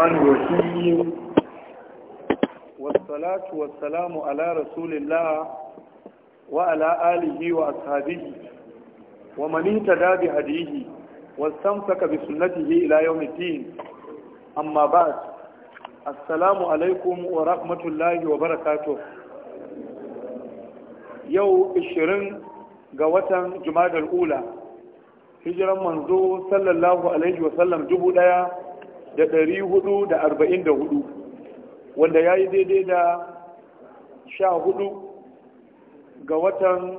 الرحمن الرحيم والصلاة والسلام على رسول الله وعلى آله وأصحابه ومن اهتدى بهديه واستمسك بسنته إلى يوم الدين أما بعد السلام عليكم ورحمة الله وبركاته يوم 20 ga watan Jumadal Ula hijiran manzo sallallahu alaihi wasallam dubu ɗaya da ɗari hudu da arba'in da hudu wanda ya yi daidai da sha hudu ga watan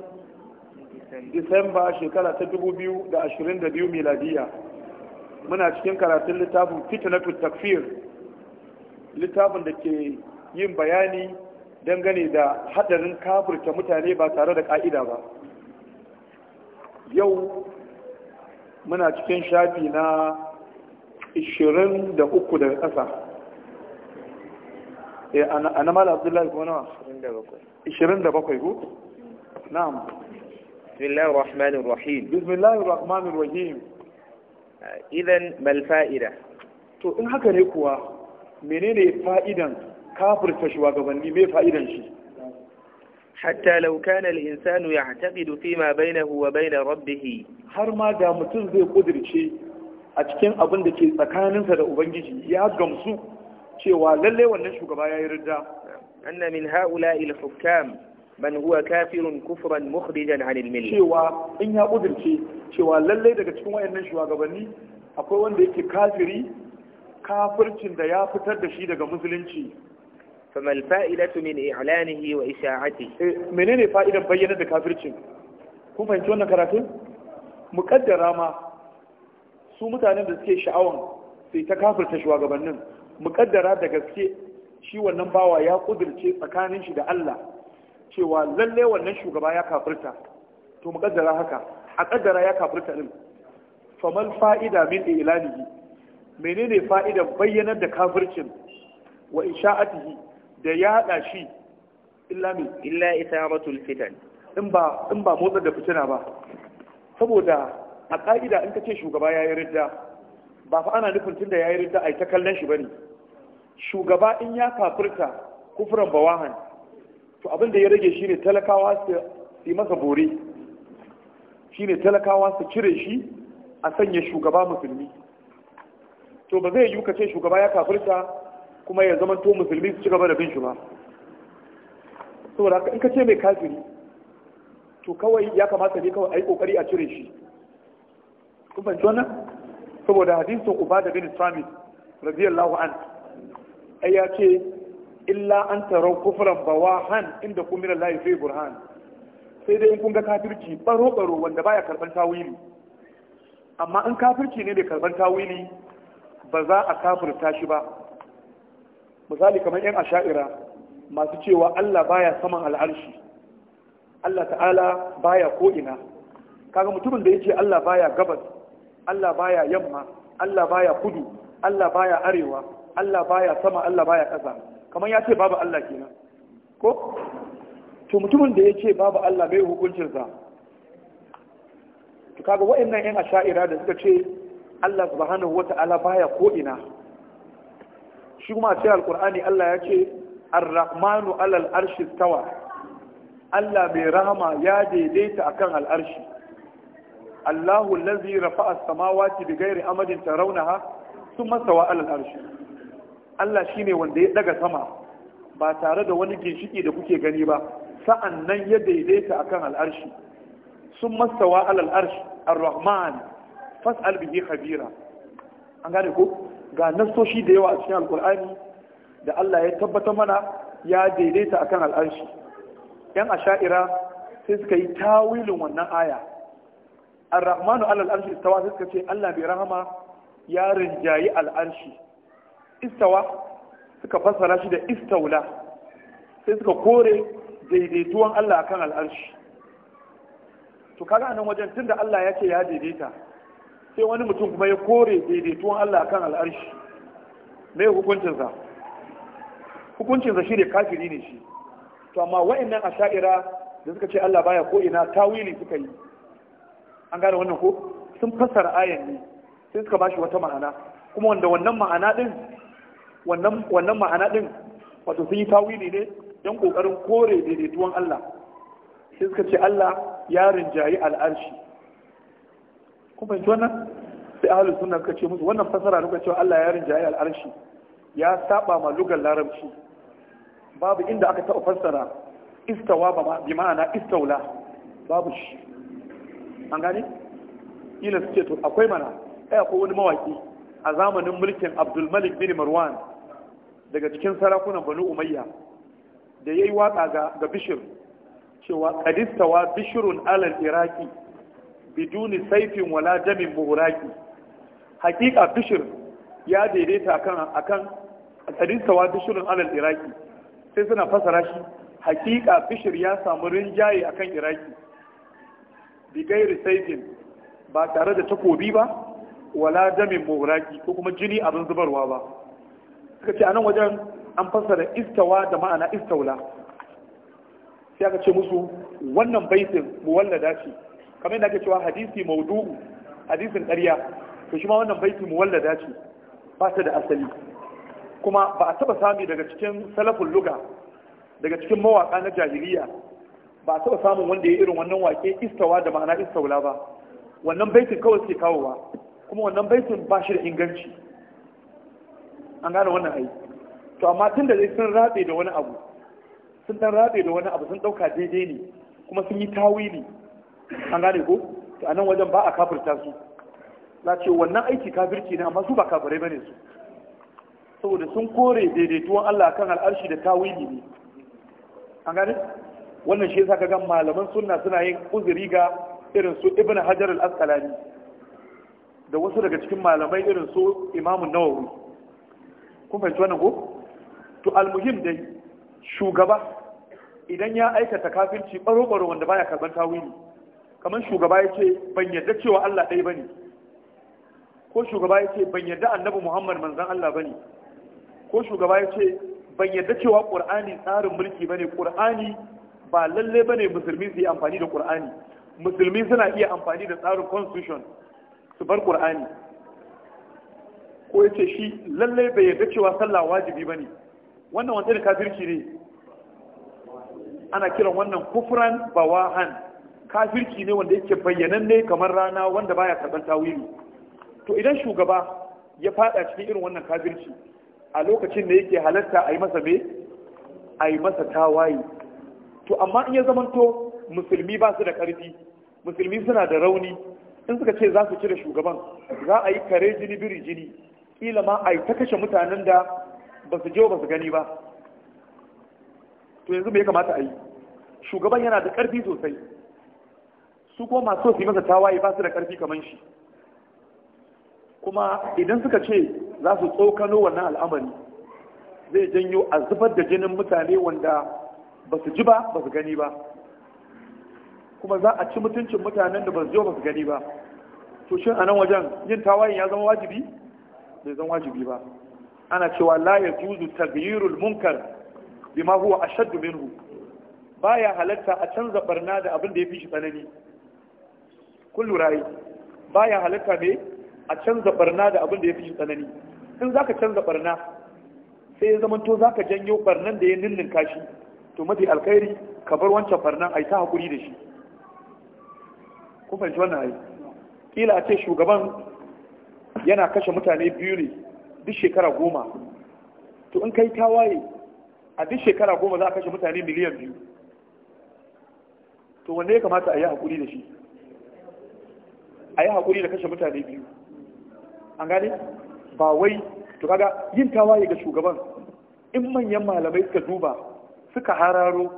disamba shekara ta dubu biyu da ashirin da biyu miladiya muna cikin karatun littafin fitnatul takfir littafin da ke yin bayani dangane da haɗarin kafirta mutane ba tare da ƙa'ida ba yau muna cikin shafi na ishirin da uku daga ƙasa eh, a na mala abdullahi ko nawa ishirin da bakwai ko na'am bismillahir rahmanir rahim bismillahir rahmanir rahim uh, idan mal fa'ida to in haka ne kuwa menene fa'idan kafirta shugabanni me fa'idan shi hatta law kana al-insanu ya'taqidu fima bainahu wa bain rabbih har ma da mutum zai kudirce a cikin abin da ke tsakaninsa da ubangiji ya gamsu cewa lalle wannan shugaba ya yi ridda anna min ha'ula'i al-hukam man huwa kafirun kufran mukhrijan cewa in ya kudirce cewa lalle daga cikin wayannan shugabanni akwai wanda yake kafiri kafircin da ya fitar da shi daga musulunci فما الفائدة من إعلانه fa'idar bayyana da kafircin? Kun fahimci wannan karatun? مقدرة ma. su mutanen da suke sha'awan sai ta kafirta shugabannin muƙaddara da gaske shi wannan bawa ya kudirce tsakanin shi da Allah cewa lalle wannan shugaba ya kafirta to muƙaddara haka a kaddara ya kafirta din famal fa'ida min ilalihi menene fa'idan bayyanar da kafircin wa insha'atihi da ya da shi illa min illa isabatul fitan in ba in ba motsa da fitina ba saboda a ƙa'ida in ka ce shugaba ya yi ridda ba fa ana nufin tun da ya yi ridda a yi ta kallon shi ba ne shugaba in ya kafirta kufuran bawahan to abin da ya rage shi ne talakawa su yi masa bore shi ne talakawa su cire shi a sanya shugaba musulmi to ba zai yiwu ka ce shugaba ya kafirta kuma ya zama to musulmi su ci gaba da bin shi ba saboda in ka ce mai kafiri to kawai ya kamata ne kawai a yi kokari a cire shi kun fahimci wannan saboda hadisin ubada bin samit radiyallahu an ai ya ce illa an tarau kufran bawahan inda kun min Allah fi burhan sai dai in kun ga kafirci baro baro wanda baya karban tawili amma in kafirci ne da karban tawili ba za a kafirta shi ba misali kamar yan asha'ira masu cewa Allah baya saman al'arshi Allah ta'ala baya ko ina kaga mutumin da ce Allah baya gabas Allah baya yamma Allah baya kudu Allah baya arewa Allah baya sama Allah baya ƙasa kamar ya ce babu Allah kenan ko to mutumin da ya ce babu Allah mai hukuncin hukuncinsa to kaga wa'annan yan asha'ira da suka ce Allah subhanahu wata'ala baya ko ina shi kuma a cikin alkur'ani Allah ya ce ar-rahmanu alal arshi tawa Allah mai rahama ya daidaita akan al'arshi Allahu allazi rafa'a as-samawati bighairi amadin tarawnaha thumma stawa 'ala al Allah shine wanda ya daga sama ba tare da wani ginshiki da kuke gani ba sa'an nan ya daidaita akan al'arshi sun mastawa alal arshi ar-rahman fas'al bihi khabira an gane ko ga nasoshi da yawa a cikin alkur'ani da Allah ya tabbata mana ya daidaita akan al'arshi yan asha'ira sai suka yi tawilin wannan aya ar-rahmanu alal arshi istawa suka ce Allah bai rahama ya rinjayi al'arshi istawa suka fassara shi da istaula sai suka kore daidaituwan Allah akan al'arshi to kaga anan wajen tunda Allah ya ce ya daidaita sai wani mutum kuma ya kore daidaituwan Allah akan al'arshi me hukuncin sa hukuncin shi ne kafiri ne shi to amma wa'annan asha'ira da suka ce Allah baya ko ina tawili suka yi an gane wannan ko sun fassara ayan ne sai suka bashi wata ma'ana kuma wanda wannan ma'ana din wannan wannan ma'ana din wato sun yi tawili ne don kokarin kore daidaituwan Allah sai suka ce Allah ya rinjayi al'arshi kun fahimci wannan sai ahlus sunna suka ce musu wannan fasara da cewa Allah ya rinjayi al'arshi ya saba ma lugar larabci babu inda aka taɓa fassara istawa bi ma'ana istaula babu shi an gani ina su to akwai mana ai akwai wani mawaki a zamanin mulkin abdulmalik bin marwan daga cikin sarakunan banu umayya da ya yi waƙa ga bishir cewa kadistawa bishirun alal iraki biduni saifin wala damin buhuraki hakika bishir ya daidaita akan akan kadistawa bishirun alal iraki sai suna fasara shi hakika bishir ya samu rinjaye akan iraki bigairi saifin ba tare da takobi ba wala damin buraki, ko kuma jini abin zubarwa ba suka ce anan wajen an fassara istawa da ma'ana istaula sai aka ce musu wannan baitin wallada ce kamar yadda ake cewa hadisi maudu'u hadisin ƙarya to shi ma wannan baiti muwallada ce ba ta da asali kuma ba a taba sami daga cikin salafin luga daga cikin mawaka na jahiliya ba taɓa samun wanda ya irin wannan wake istawa da ma'ana istaula ba wannan baitin kawai suke kawowa kuma wannan baitin ba shi da inganci an gane wannan ai to amma tun da sun rabe da wani abu sun dan rabe da wani abu sun ɗauka daidai ne kuma sun yi tawili an gane ko to a nan wajen ba a kafirta su na ce wannan aiki kafirci ne amma su ba kafirai bane su saboda sun kore daidaituwan Allah kan al'arshi da tawili ne an gane wannan shi yasa kaga malaman sunna suna yin uzuri ga irin su ibn hajar al-asqalani da wasu daga cikin malamai irin su imamun nawawi kun fahimci wannan ko to almuhim dai shugaba idan ya aikata kafirci baro-baro wanda baya karban tawili kamar shugaba ya ce ban yarda cewa Allah dai bane ko shugaba ya ce ban yarda annabi Muhammad manzon Allah bane ko shugaba ya ce ban yarda cewa Qur'ani tsarin mulki bane Qur'ani ba lalle bane musulmi su yi amfani da qur'ani musulmi suna iya amfani da tsarin constitution su bar ƙur'ani. ko yace shi lalle bai yarda cewa sallah wajibi bane wannan wanda kafirci ne ana kiran wannan kufran bawahan kafirci ne wanda yake bayyananne kamar rana wanda baya karban tawili to idan shugaba ya faɗa cikin irin wannan kafirci a lokacin da yake halarta a yi masa me a yi masa tawaye to amma in ya zamanto musulmi ba su da ƙarfi musulmi suna da rauni in suka ce za su cire shugaban za a yi kare jini biri jini kila ma a yi ta kashe mutanen da ba su je ba su gani ba to yanzu me ya kamata a yi shugaban yana da ƙarfi sosai su kuma masu su yi masa tawaye ba su da ƙarfi kamar shi kuma idan suka ce za su tsokano wannan al'amari zai janyo a zubar da jinin mutane wanda ba su ji ba ba su gani ba kuma za a ci mutuncin mutanen da ba su ji ba su gani ba to shin a nan wajen yin tawayin ya zama wajibi bai zama wajibi ba ana cewa la ya juzu tagyirul munkar bima huwa ashaddu minhu baya halatta a canza barna da abin da ya fi shi tsanani kullu Rai, baya halatta ne a canza barna da abin da ya fi shi tsanani in zaka canza barna sai ya zama to zaka janyo barnan da ya ninninka shi to mafi alkhairi ka bar wancan farnan ai ta hakuri da shi ku fahimci wannan ai kila a ce shugaban yana kashe mutane biyu ne duk shekara goma to in kai tawaye a duk shekara goma za a kashe mutane miliyan biyu to wanne ya kamata a yi hakuri da shi a yi hakuri da kashe mutane biyu an gane ba wai to kaga yin tawaye ga shugaban in manyan malamai suka duba suka hararo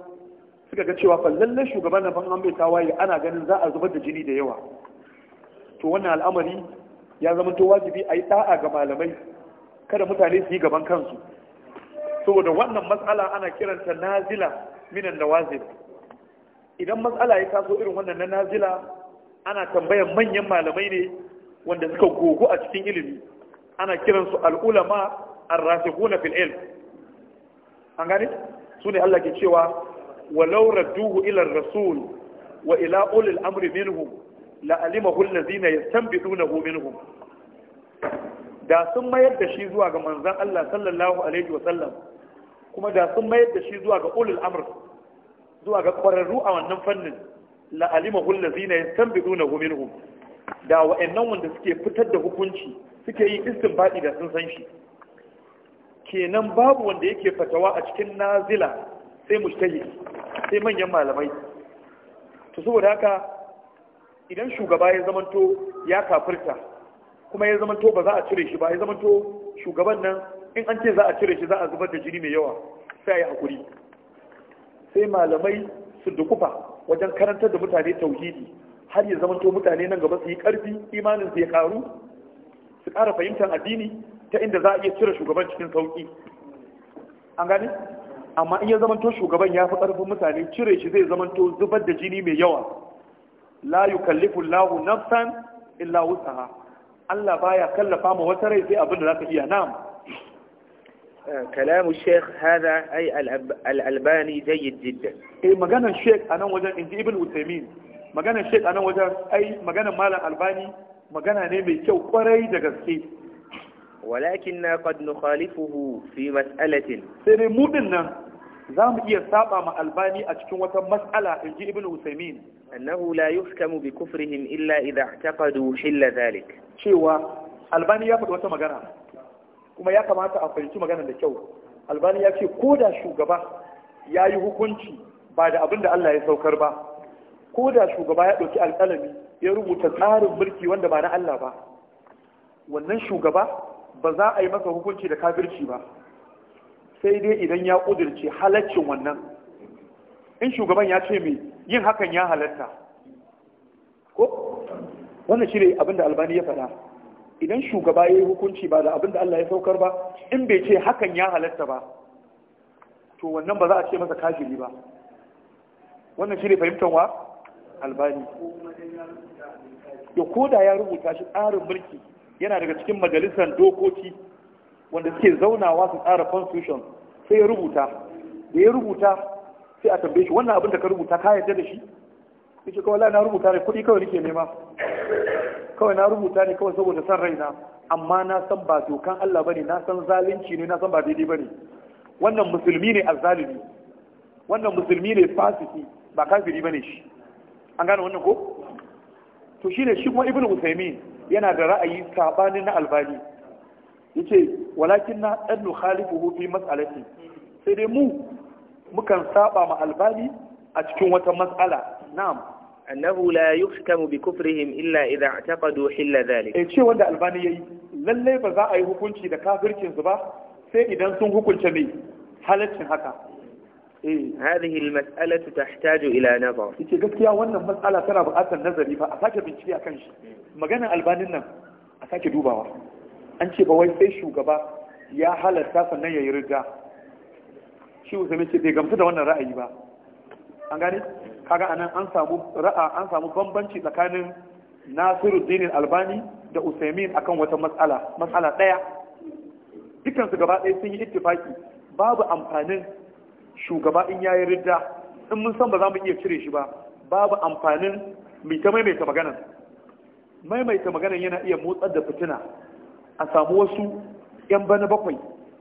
suka ga cewa fallallen shugaban na ban ta waye ana ganin za a zubar da jini da yawa to wannan al'amari ya zama to wajibi a yi da'a ga malamai kada mutane su yi gaban kansu saboda wannan matsala ana kiranta nazila minan nawazil idan matsala ya taso irin wannan na nazila ana tambayan manyan malamai ne wanda suka gogo a cikin ilimi ana kiransu al'ulama ar-rasikhuna fil ilm an gane su ne Allah ke cewa walau radduhu ila rasul wa ila ulil amri minhum la alimahu allazina yastanbidunahu minhum da sun mayar da shi zuwa ga manzon Allah sallallahu alaihi wa sallam kuma da sun mayar da shi zuwa ga ulil amr zuwa ga kwararru a wannan fannin la alimahu allazina yastanbidunahu minhum da wa'annan wanda suke fitar da hukunci suke yi baɗi da sun san shi kenan babu wanda yake fatawa a cikin nazila sai mushtahi sai manyan malamai to saboda haka idan shugaba ya zamanto ya kafirta kuma ya zamanto ba za a cire shi ba ya zamanto shugaban nan in an ce za a cire shi za a zubar da jini mai yawa sai a yi hakuri sai malamai su dukufa wajen karantar da mutane tauhidi har ya zamanto mutane nan gaba su yi karfi imanin su ya karu su ƙara fahimtar addini ta inda za a iya cire shugaban cikin sauki an gani amma in ya zamanto shugaban ya fi ƙarfin mutane cire shi zai zamanto zubar da jini mai yawa la yukallifu lahu nafsan illa wusaha Allah baya kallafa ma wata rai sai abin da za ka iya na'am كلام الشيخ هذا أي الألباني جيد جدا إيه مجانا الشيخ أنا وجه إنت ابن وثيمين مجانا الشيخ أنا وجه أي مجانا magana ne mai kyau kwarai da gaske. walakin na qad nukhalifuhu fi mas'alatin sai dai mu nan za mu iya saɓa ma albani a cikin wata mas'ala in ji ibn usaimin annahu la yuhkamu bi kufrihim illa idha i'taqadu hilla dhalik cewa albani ya faɗi wata magana kuma ya kamata a fahimci magana da kyau albani ya ce ko da shugaba ya yi hukunci ba da abin da Allah ya saukar ba ko da shugaba ya ɗauki alƙalami ya rubuta tsarin birki wanda ba na Allah ba wannan shugaba ba za a yi masa hukunci da kafirci ba sai dai idan ya ƙudurce halaccin wannan in shugaban ya ce mai yin hakan ya halatta ko wannan shi ne abinda albani ya faɗa idan shugaba ya yi hukunci ba da abinda Allah ya saukar ba in bai ce hakan ya halatta ba to wannan ba za a ce masa kafiri ba wannan shi ne fahimtar wa albani ya koda ya rubuta shi tsarin mulki yana daga cikin majalisar dokoki wanda suke zaunawa su tsara constitution sai ya rubuta da ya rubuta sai a tambaye shi wannan abin da ka rubuta ka yarda da shi yace kawai la na rubuta ne kuɗi kawai nake nema kawai na rubuta ne kawai saboda san raina amma na san ba dokan Allah bane na san zalunci ne na san ba daidai bane wannan musulmi ne azzalimi wannan musulmi ne fasiki ba kafiri bane shi an gane wannan ko to shine shi kuma ibnu usaymin yana da ra'ayi sabanin na albani yace walakin na dan nukhalifuhu fi mas'alati sai dai mu mukan saba ma albani a cikin wata mas'ala na'am annahu la yuhkamu bi kufrihim illa idha i'taqadu hilla dhalik eh ce wanda albani yayi lalle ba za a yi hukunci da kafircin su ba sai idan sun hukunce mai halaccin haka هذه المسألة تحتاج إلى نظر yace gaskiya wannan matsala tana buƙatar nazari ba a sake bincike a kan maganar albanin nan a sake dubawa an ce ba wai sai shugaba ya halarta sannan ya yi riga shi usaimi ce bai gamsu da wannan ra'ayi ba an gane kaga anan an samu ra'a an samu bambanci tsakanin Nasiruddin Albani da Usaimin akan wata matsala matsala daya dukkan gaba ɗaya sun yi ittifaki babu amfanin shugaba in ya yi ridda in mun san ba za mu iya cire shi ba babu amfanin mai ta maimaita maganan maimaita maganan yana iya motsar da fitina a samu wasu yan bana bakwai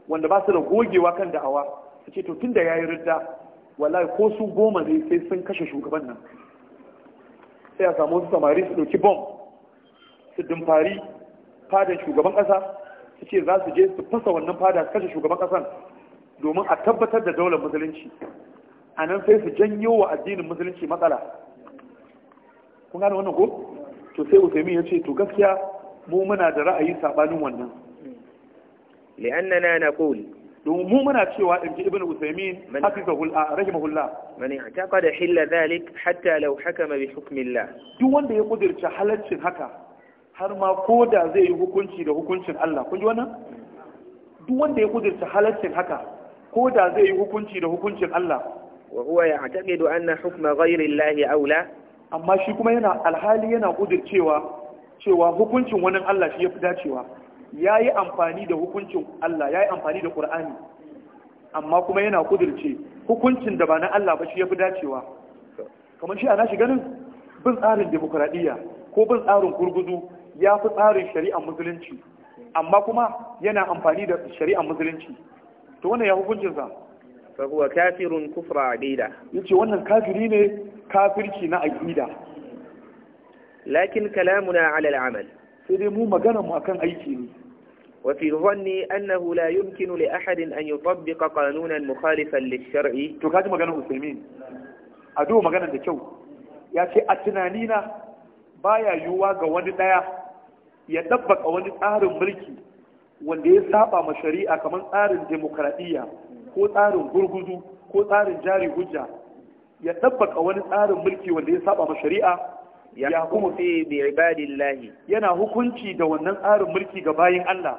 wanda ba su da gogewa kan da'awa su ce to tunda yi ridda wallahi ko su goma ne sai sun kashe shugaban nan sai a samu wasu samari su ɗauki bom su dumfari fadan shugaban ƙasa su ce za su je su fasa wannan fada su kashe shugaban ƙasan domin a tabbatar da daular musulunci a nan sai su janyo wa addinin musulunci matsala kun gane wannan ko to sai usaimi ya ce to gaskiya mu muna da ra'ayi sabanin wannan li'annana naqul domin mu muna cewa in ji ibnu usaimin hafizahul rahimahullah man i'taqada hilla dhalik hatta law hakama bi hukmillah duk wanda ya kudirce halaccin haka har ma ko da zai yi hukunci da hukuncin Allah kun ji wannan duk wanda ya kudirce halaccin haka ko da zai yi hukunci da hukuncin Allah wa huwa ya'taqidu anna hukma ghayri Allah aula amma shi kuma yana alhali yana kudircewa cewa hukuncin wani Allah shi yafi dacewa yayi amfani da hukuncin Allah yayi amfani da Qur'ani amma kuma yana ce, hukuncin da ba na Allah ba shi yafi dacewa kamar shi ana shi ganin bin tsarin demokradiyya ko bin tsarin gurguzu ya fi tsarin shari'ar musulunci amma kuma yana amfani da shari'ar musulunci to wannan ya hukuncin sa kafirin huwa kafirun kufra aqida yace wannan kafiri ne kafirki na aqida lakin kalamu na al-amal sai dai mu magana mu akan aiki ne wa fi dhanni annahu la yumkinu li ahadin an yutabbiqa qanunan mukhalifan lis shar'i to kaji magana usaimin ado maganar da kyau yace a tunani na baya yiwuwa ga wani ɗaya, ya dabbaka wani tsarin mulki wanda ya saba ma shari'a kamar tsarin demokradiyya ko tsarin gurguzu ko tsarin jari hujja ya tabbaka wani tsarin mulki wanda ya saba ma shari'a ya hukumu fi bi ibadillahi yana hukunci da wannan tsarin mulki ga bayin Allah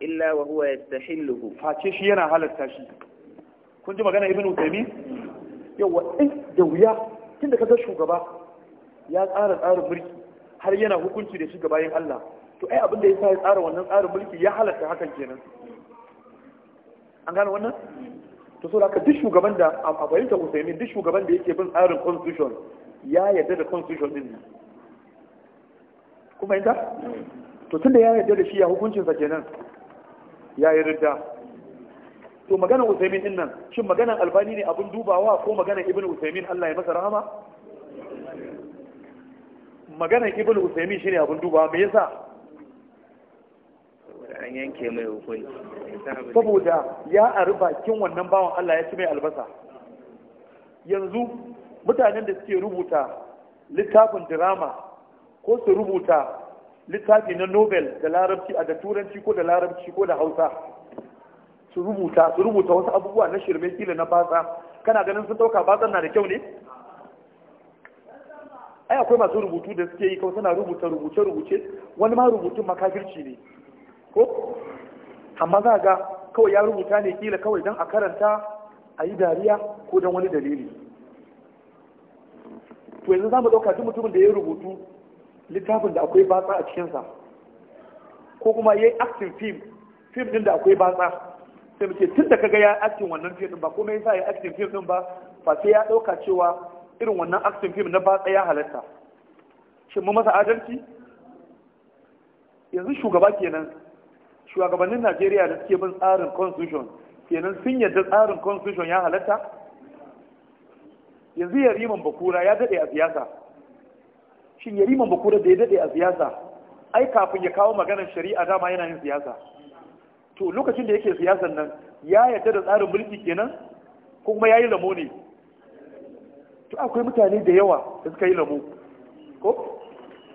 illa wa huwa yastahilluhu face shi yana halarta shi kun ji magana ibnu taymi yawa in eh, da wuya tunda kaga shugaba ya tsara tsarin mulki har yana hukunci da shi ga bayin Allah to ai abin da ya sa ya tsara wannan tsarin mulki ya halatta hakan kenan an gane wannan to so haka duk shugaban da a bayyanta Usaimin duk shugaban da yake bin tsarin constitution ya yarda da constitution din nan kuma inda to tunda ya yarda da shi ya hukuncin sa kenan ya yarda to maganar Usaimin din nan shin maganar Albani ne abin dubawa ko maganar Ibn Usaimin Allah ya masa rahama maganar Ibn Usaimin shine abin dubawa me yasa an yanke mai hukunci saboda ya ari bakin wannan bawan Allah ya ci mai albasa yanzu mutanen da suke rubuta littafin drama ko su rubuta littafi na nobel da larabci a da turanci ko da larabci ko da hausa su rubuta su rubuta wasu abubuwa na shirme kila na batsa kana ganin sun dauka batsan na da kyau ne ai akwai masu rubutu da suke yi kawai suna rubuta rubuce rubuce wani ma rubutun makafirci ne ko amma za ga kawai ya rubuta ne kila kawai don a karanta a yi dariya ko don wani dalili to yanzu za mu ɗauka duk mutumin da ya rubutu littafin da akwai batsa a cikinsa ko kuma ya yi aktin fim fim ɗin da akwai batsa sai mu ce tun da kaga ya aktin wannan fim din ba kuma ya sa ya aktin fim din ba ba sai ya ɗauka cewa irin wannan aktin fim na batsa ya halatta shin mu masa adalci yanzu shugaba kenan shugabannin najeriya da suke bin tsarin constitution kenan sun yadda tsarin constitution ya halatta yanzu yariman bakura ya daɗe a siyasa shin yariman bakura da ya daɗe a siyasa ai kafin ya kawo maganar shari'a dama yana yin siyasa to lokacin da yake siyasan nan ya yadda da tsarin mulki kenan ko kuma ya yi lamo ne to akwai mutane da yawa da suka yi lamo ko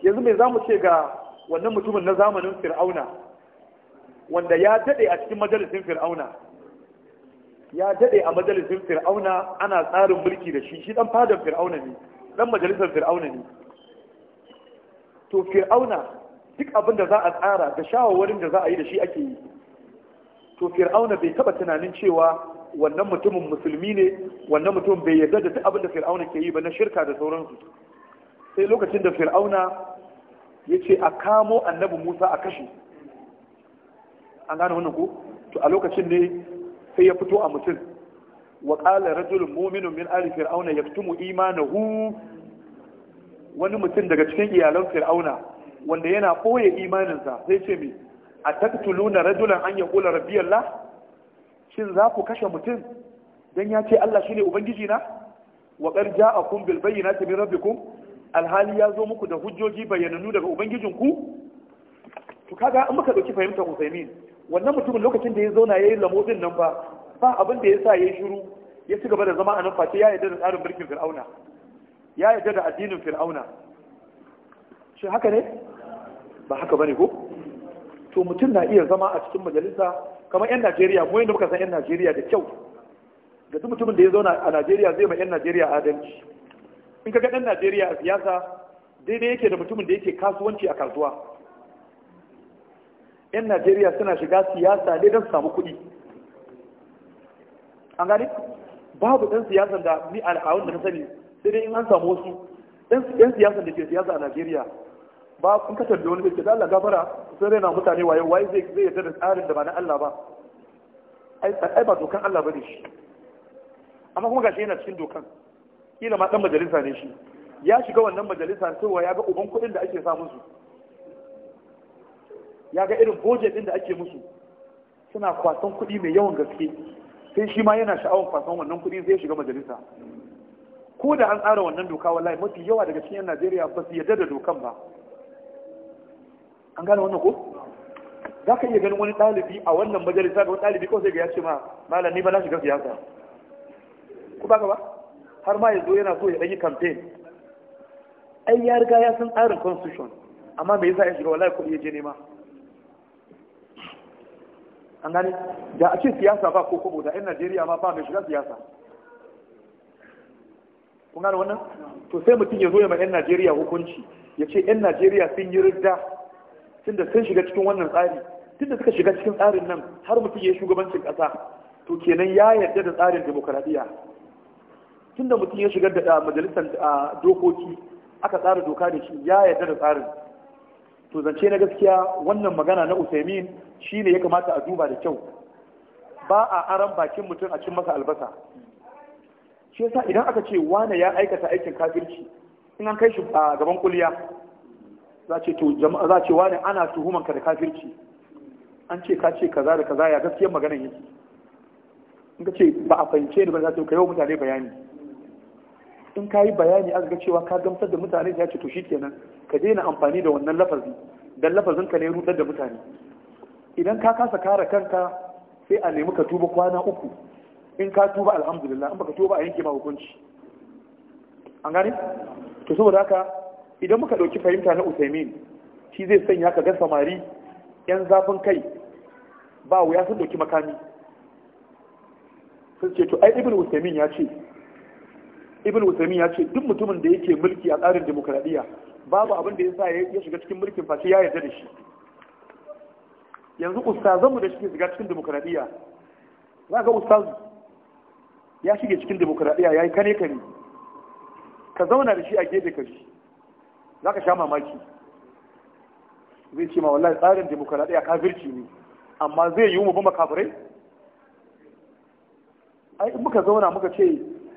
yanzu mai mu ce ga wannan mutumin na zamanin fir'auna wanda ya dade a cikin majalisin fir'auna ya dade a majalisin fir'auna ana tsarin mulki da shi shi dan fadar fir'auna ne dan majalisar fir'auna ne to fir'auna duk abin da za a tsara da shawarwarin da za a yi da shi ake yi to fir'auna bai taba tunanin cewa wannan mutumin musulmi ne wannan mutumin bai yarda da duk abin da fir'auna ke yi ba na shirka da sauransu sai lokacin da fir'auna ya ce a kamo annabi musa a kashe an gane wannan ko to a lokacin ne sai ya fito a mutum wa qala rajulun mu'minun min ali fir'auna yaktumu imanahu wani mutum daga cikin iyalan fir'auna wanda yana boye imaninsa sai ce me ataktuluna rajulan an yaqula rabbiyallah shin za ku kashe mutum dan ya ce Allah shine ubangiji na wa qad ja'akum bil bayyinati min rabbikum alhali ya zo muku da hujjoji bayyananu daga ubangijinku to kaga in muka dauki fahimtar Usaimin wannan mutumin lokacin da ya zauna ya yi lamotsin nan ba ba abin da ya sa ya yi shiru ya ci gaba da zama a nan face ya yarda da tsarin mulkin fir'auna ya yarda da addinin fir'auna shi haka ne ba haka bane ko to mutum na iya zama a cikin majalisa kamar yan Najeriya mu yanda muka san yan Najeriya da kyau ga duk mutumin da ya zauna a Najeriya zai ma yan Najeriya adalci in ka ga dan Najeriya a siyasa daidai yake da mutumin da yake kasuwanci a kasuwa 'yan najeriya suna shiga siyasa ne don samu kuɗi an gani babu ɗan siyasan da ni al'awun da na sani sai dai in an samu wasu ɗan siyasan da ke siyasa a najeriya ba kun ka tambaye wani zai da Allah gafara sun raina mutane waye waye zai zai yarda da tsarin da ba na Allah ba ai ba dokan Allah bane shi amma kuma gashi yana cikin dokan kila ma dan majalisa ne shi ya shiga wannan majalisa sai wa ya ga uban kuɗin da ake samun su. ya ga irin boje din da ake musu suna kwasan kuɗi mai yawan gaske sai shi ma yana sha'awar kwasan wannan kuɗi zai shiga majalisa ko da an tsara wannan doka wallahi mafi yawa daga cikin Najeriya ba su yarda da dokan ba an gane wannan ko za ka iya ganin wani ɗalibi a wannan majalisa da wani ɗalibi kawai ga ya ce ma malam ni ba na shiga siyasa ku ba ka ba har ma yanzu yana so ya ɗanyi campaign ai ya riga ya san tsarin constitution amma me yasa ya shiga wallahi kuɗi ya je nema an gani da a ce siyasa ba ko kobo da 'yan najeriya ma ba mai shiga siyasa kun gani wannan to sai mutum ya zo ya ma 'yan najeriya hukunci ya ce 'yan najeriya sun yi ridda tunda sun shiga cikin wannan tsari tunda suka shiga cikin tsarin nan har mutum ya yi shugabancin ƙasa to kenan ya yarda da tsarin demokaradiyya tunda mutum ya shiga da majalisar dokoki aka tsara doka da shi ya yarda da tsarin to zance na gaskiya wannan magana na usaimin shine ya kamata a duba da kyau ba a aran bakin mutum a cin masa albasa shi yasa idan aka ce wane ya aikata aikin kafirci in an kai shi a gaban kuliya za ce ce wane ana tuhuman ka da kafirci an ce ka ce kaza da kaza ya gaskiyar maganar yake in ka ce ba a fahimce ni ba za ta kai wa mutane bayani in ka yi bayani aka ga cewa ka gamsar da mutane ya ce to shi kenan ka daina amfani da wannan lafazi dan lafazin ka ne rudar da mutane idan ka kasa kare kanka sai a nemi ka tuba kwana uku in ka tuba alhamdulillah in baka tuba a yanke ma hukunci an gane to saboda haka idan muka dauki fahimta na Usaimin shi zai sanya ka ga samari yan zafin kai ba wuya sun dauki makami sun ce to ai Ibn Usaimin ya ce ibn utami ya ce duk mutumin da yake mulki a tsarin demokradiyya babu abin da ya sa ya shiga cikin mulkin face ya yarda da shi yanzu ustazanmu da suke shiga cikin demokradiyya za ga ustazu ya shige cikin demokradiyya ya yi kane kane ka zauna da shi a gefe ka shi za ka sha mamaki zai ce ma wallahi tsarin demokradiyya kafirci ne amma zai yi mu ba makafirai ai in muka zauna muka ce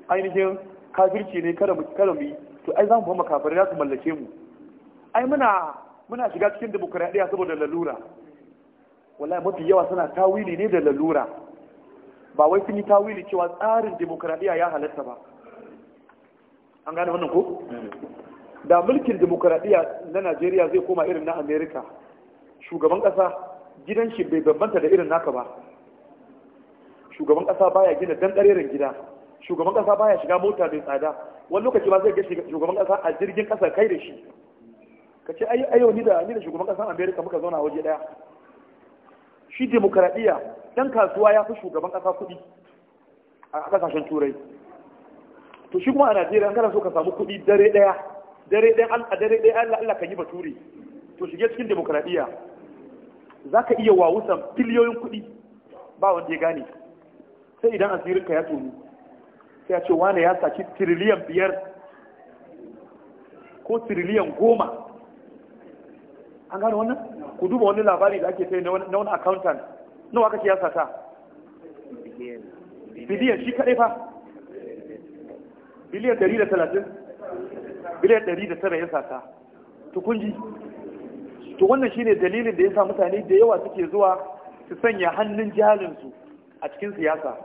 ainihin kafirci ne kada mu kada mu to ai za mu fama kafirai za su mallake mu ai muna muna shiga cikin demokuraɗiyya saboda lalura wallahi mafi yawa suna tawili ne da lalura ba wai sun yi tawili cewa tsarin demokuraɗiyya ya halatta ba an gane wannan ko hmm. da mulkin demokuraɗiyya na najeriya zai koma irin na amerika shugaban ƙasa gidan shi bai bambanta da irin naka ba shugaban ƙasa baya gina dan gida shugaban kasa baya shiga mota mai tsada wani lokaci ba zai ga shugaban kasa a jirgin kasa kai da shi ka ce a ayo ni da ni da shugaban kasa America muka zauna waje daya shi demokradiya dan kasuwa ya fi shugaban kasa kuɗi a kasashen turai to shi kuma a Najeriya an kana so ka samu kuɗi dare daya dare daya Allah dare daya Allah Allah ka yi bature to shige cikin demokradiya zaka iya wawusan biliyoyin kuɗi ba wanda ya gane sai idan asirin ka ya tonu sai a ce wane ya saki tiriliyan biyar ko tiriliyan goma an gane wannan ku duba wani labari da ake sai na wani accountant nawa ce ya sata biliyan shi kadai fa biliyan 130 biliyan 109 ya sata tukunji to wannan shi ne dalilin da ya sa mutane da yawa suke zuwa su sanya hannun jihalinsu a cikin siyasa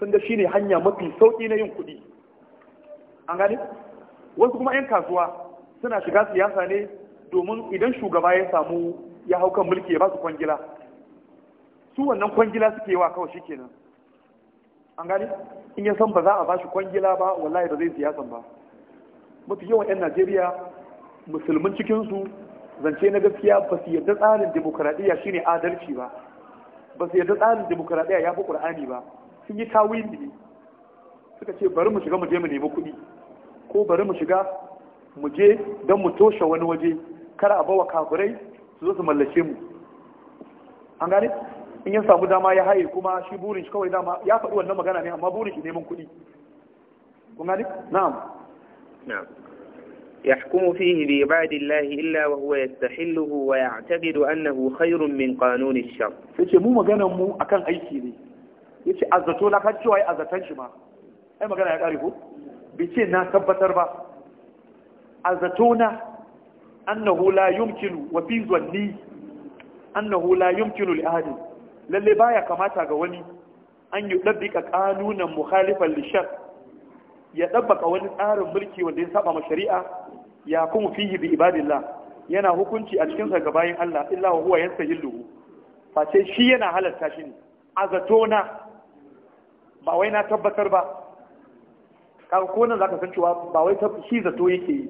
sun ga shine hanya mafi sauƙi na yin kuɗi an gane wasu kuma 'yan kasuwa suna shiga siyasa ne domin idan shugaba ya samu ya hau kan mulki ya ba su kwangila su wannan kwangila suke wa kawai shikenan an gane in ya san ba za a ba shi kwangila ba wallahi ba zai siyasa ba mafi yawan 'yan najeriya musulmin cikinsu zance na gaskiya ba su yarda tsarin demokuraɗiyya shine adalci ba ba su yarda tsarin demokuraɗiyya ya fi ƙur'ani ba sun yi tawili ne suka ce bari mu shiga mu je mu nemi kuɗi ko bari mu shiga mu je don mu toshe wani waje kar a bawa kafirai su zo su mallake mu an gane in ya samu dama ya haye kuma shi burin shi kawai dama ya faɗi wannan magana ne amma burin shi neman kuɗi kun gane na'am na'am يحكم فيه بعباد الله إلا وهو يستحله ويعتقد أنه خير من قانون الشر. فشي مو مجانا مو أكان أي شيء ya ce azzato na kan cewa ya azzatan shi ma ai magana ya ƙare ko bai ce na tabbatar ba azzato na annahu la yumkinu wa fi zanni annahu la yumkinu li ahadin lalle baya kamata ga wani an yi dabbika kanunan mukhalifan li shar ya dabbaka wani tsarin mulki wanda ya saba ma shari'a ya kuma fihi bi ibadillah yana hukunci a cikin sa ga bayin Allah illa huwa yansajillu face shi yana halarta shi ne azatona ba wai na tabbatar ba ko nan ka san cewa ba wai shi zato yake yi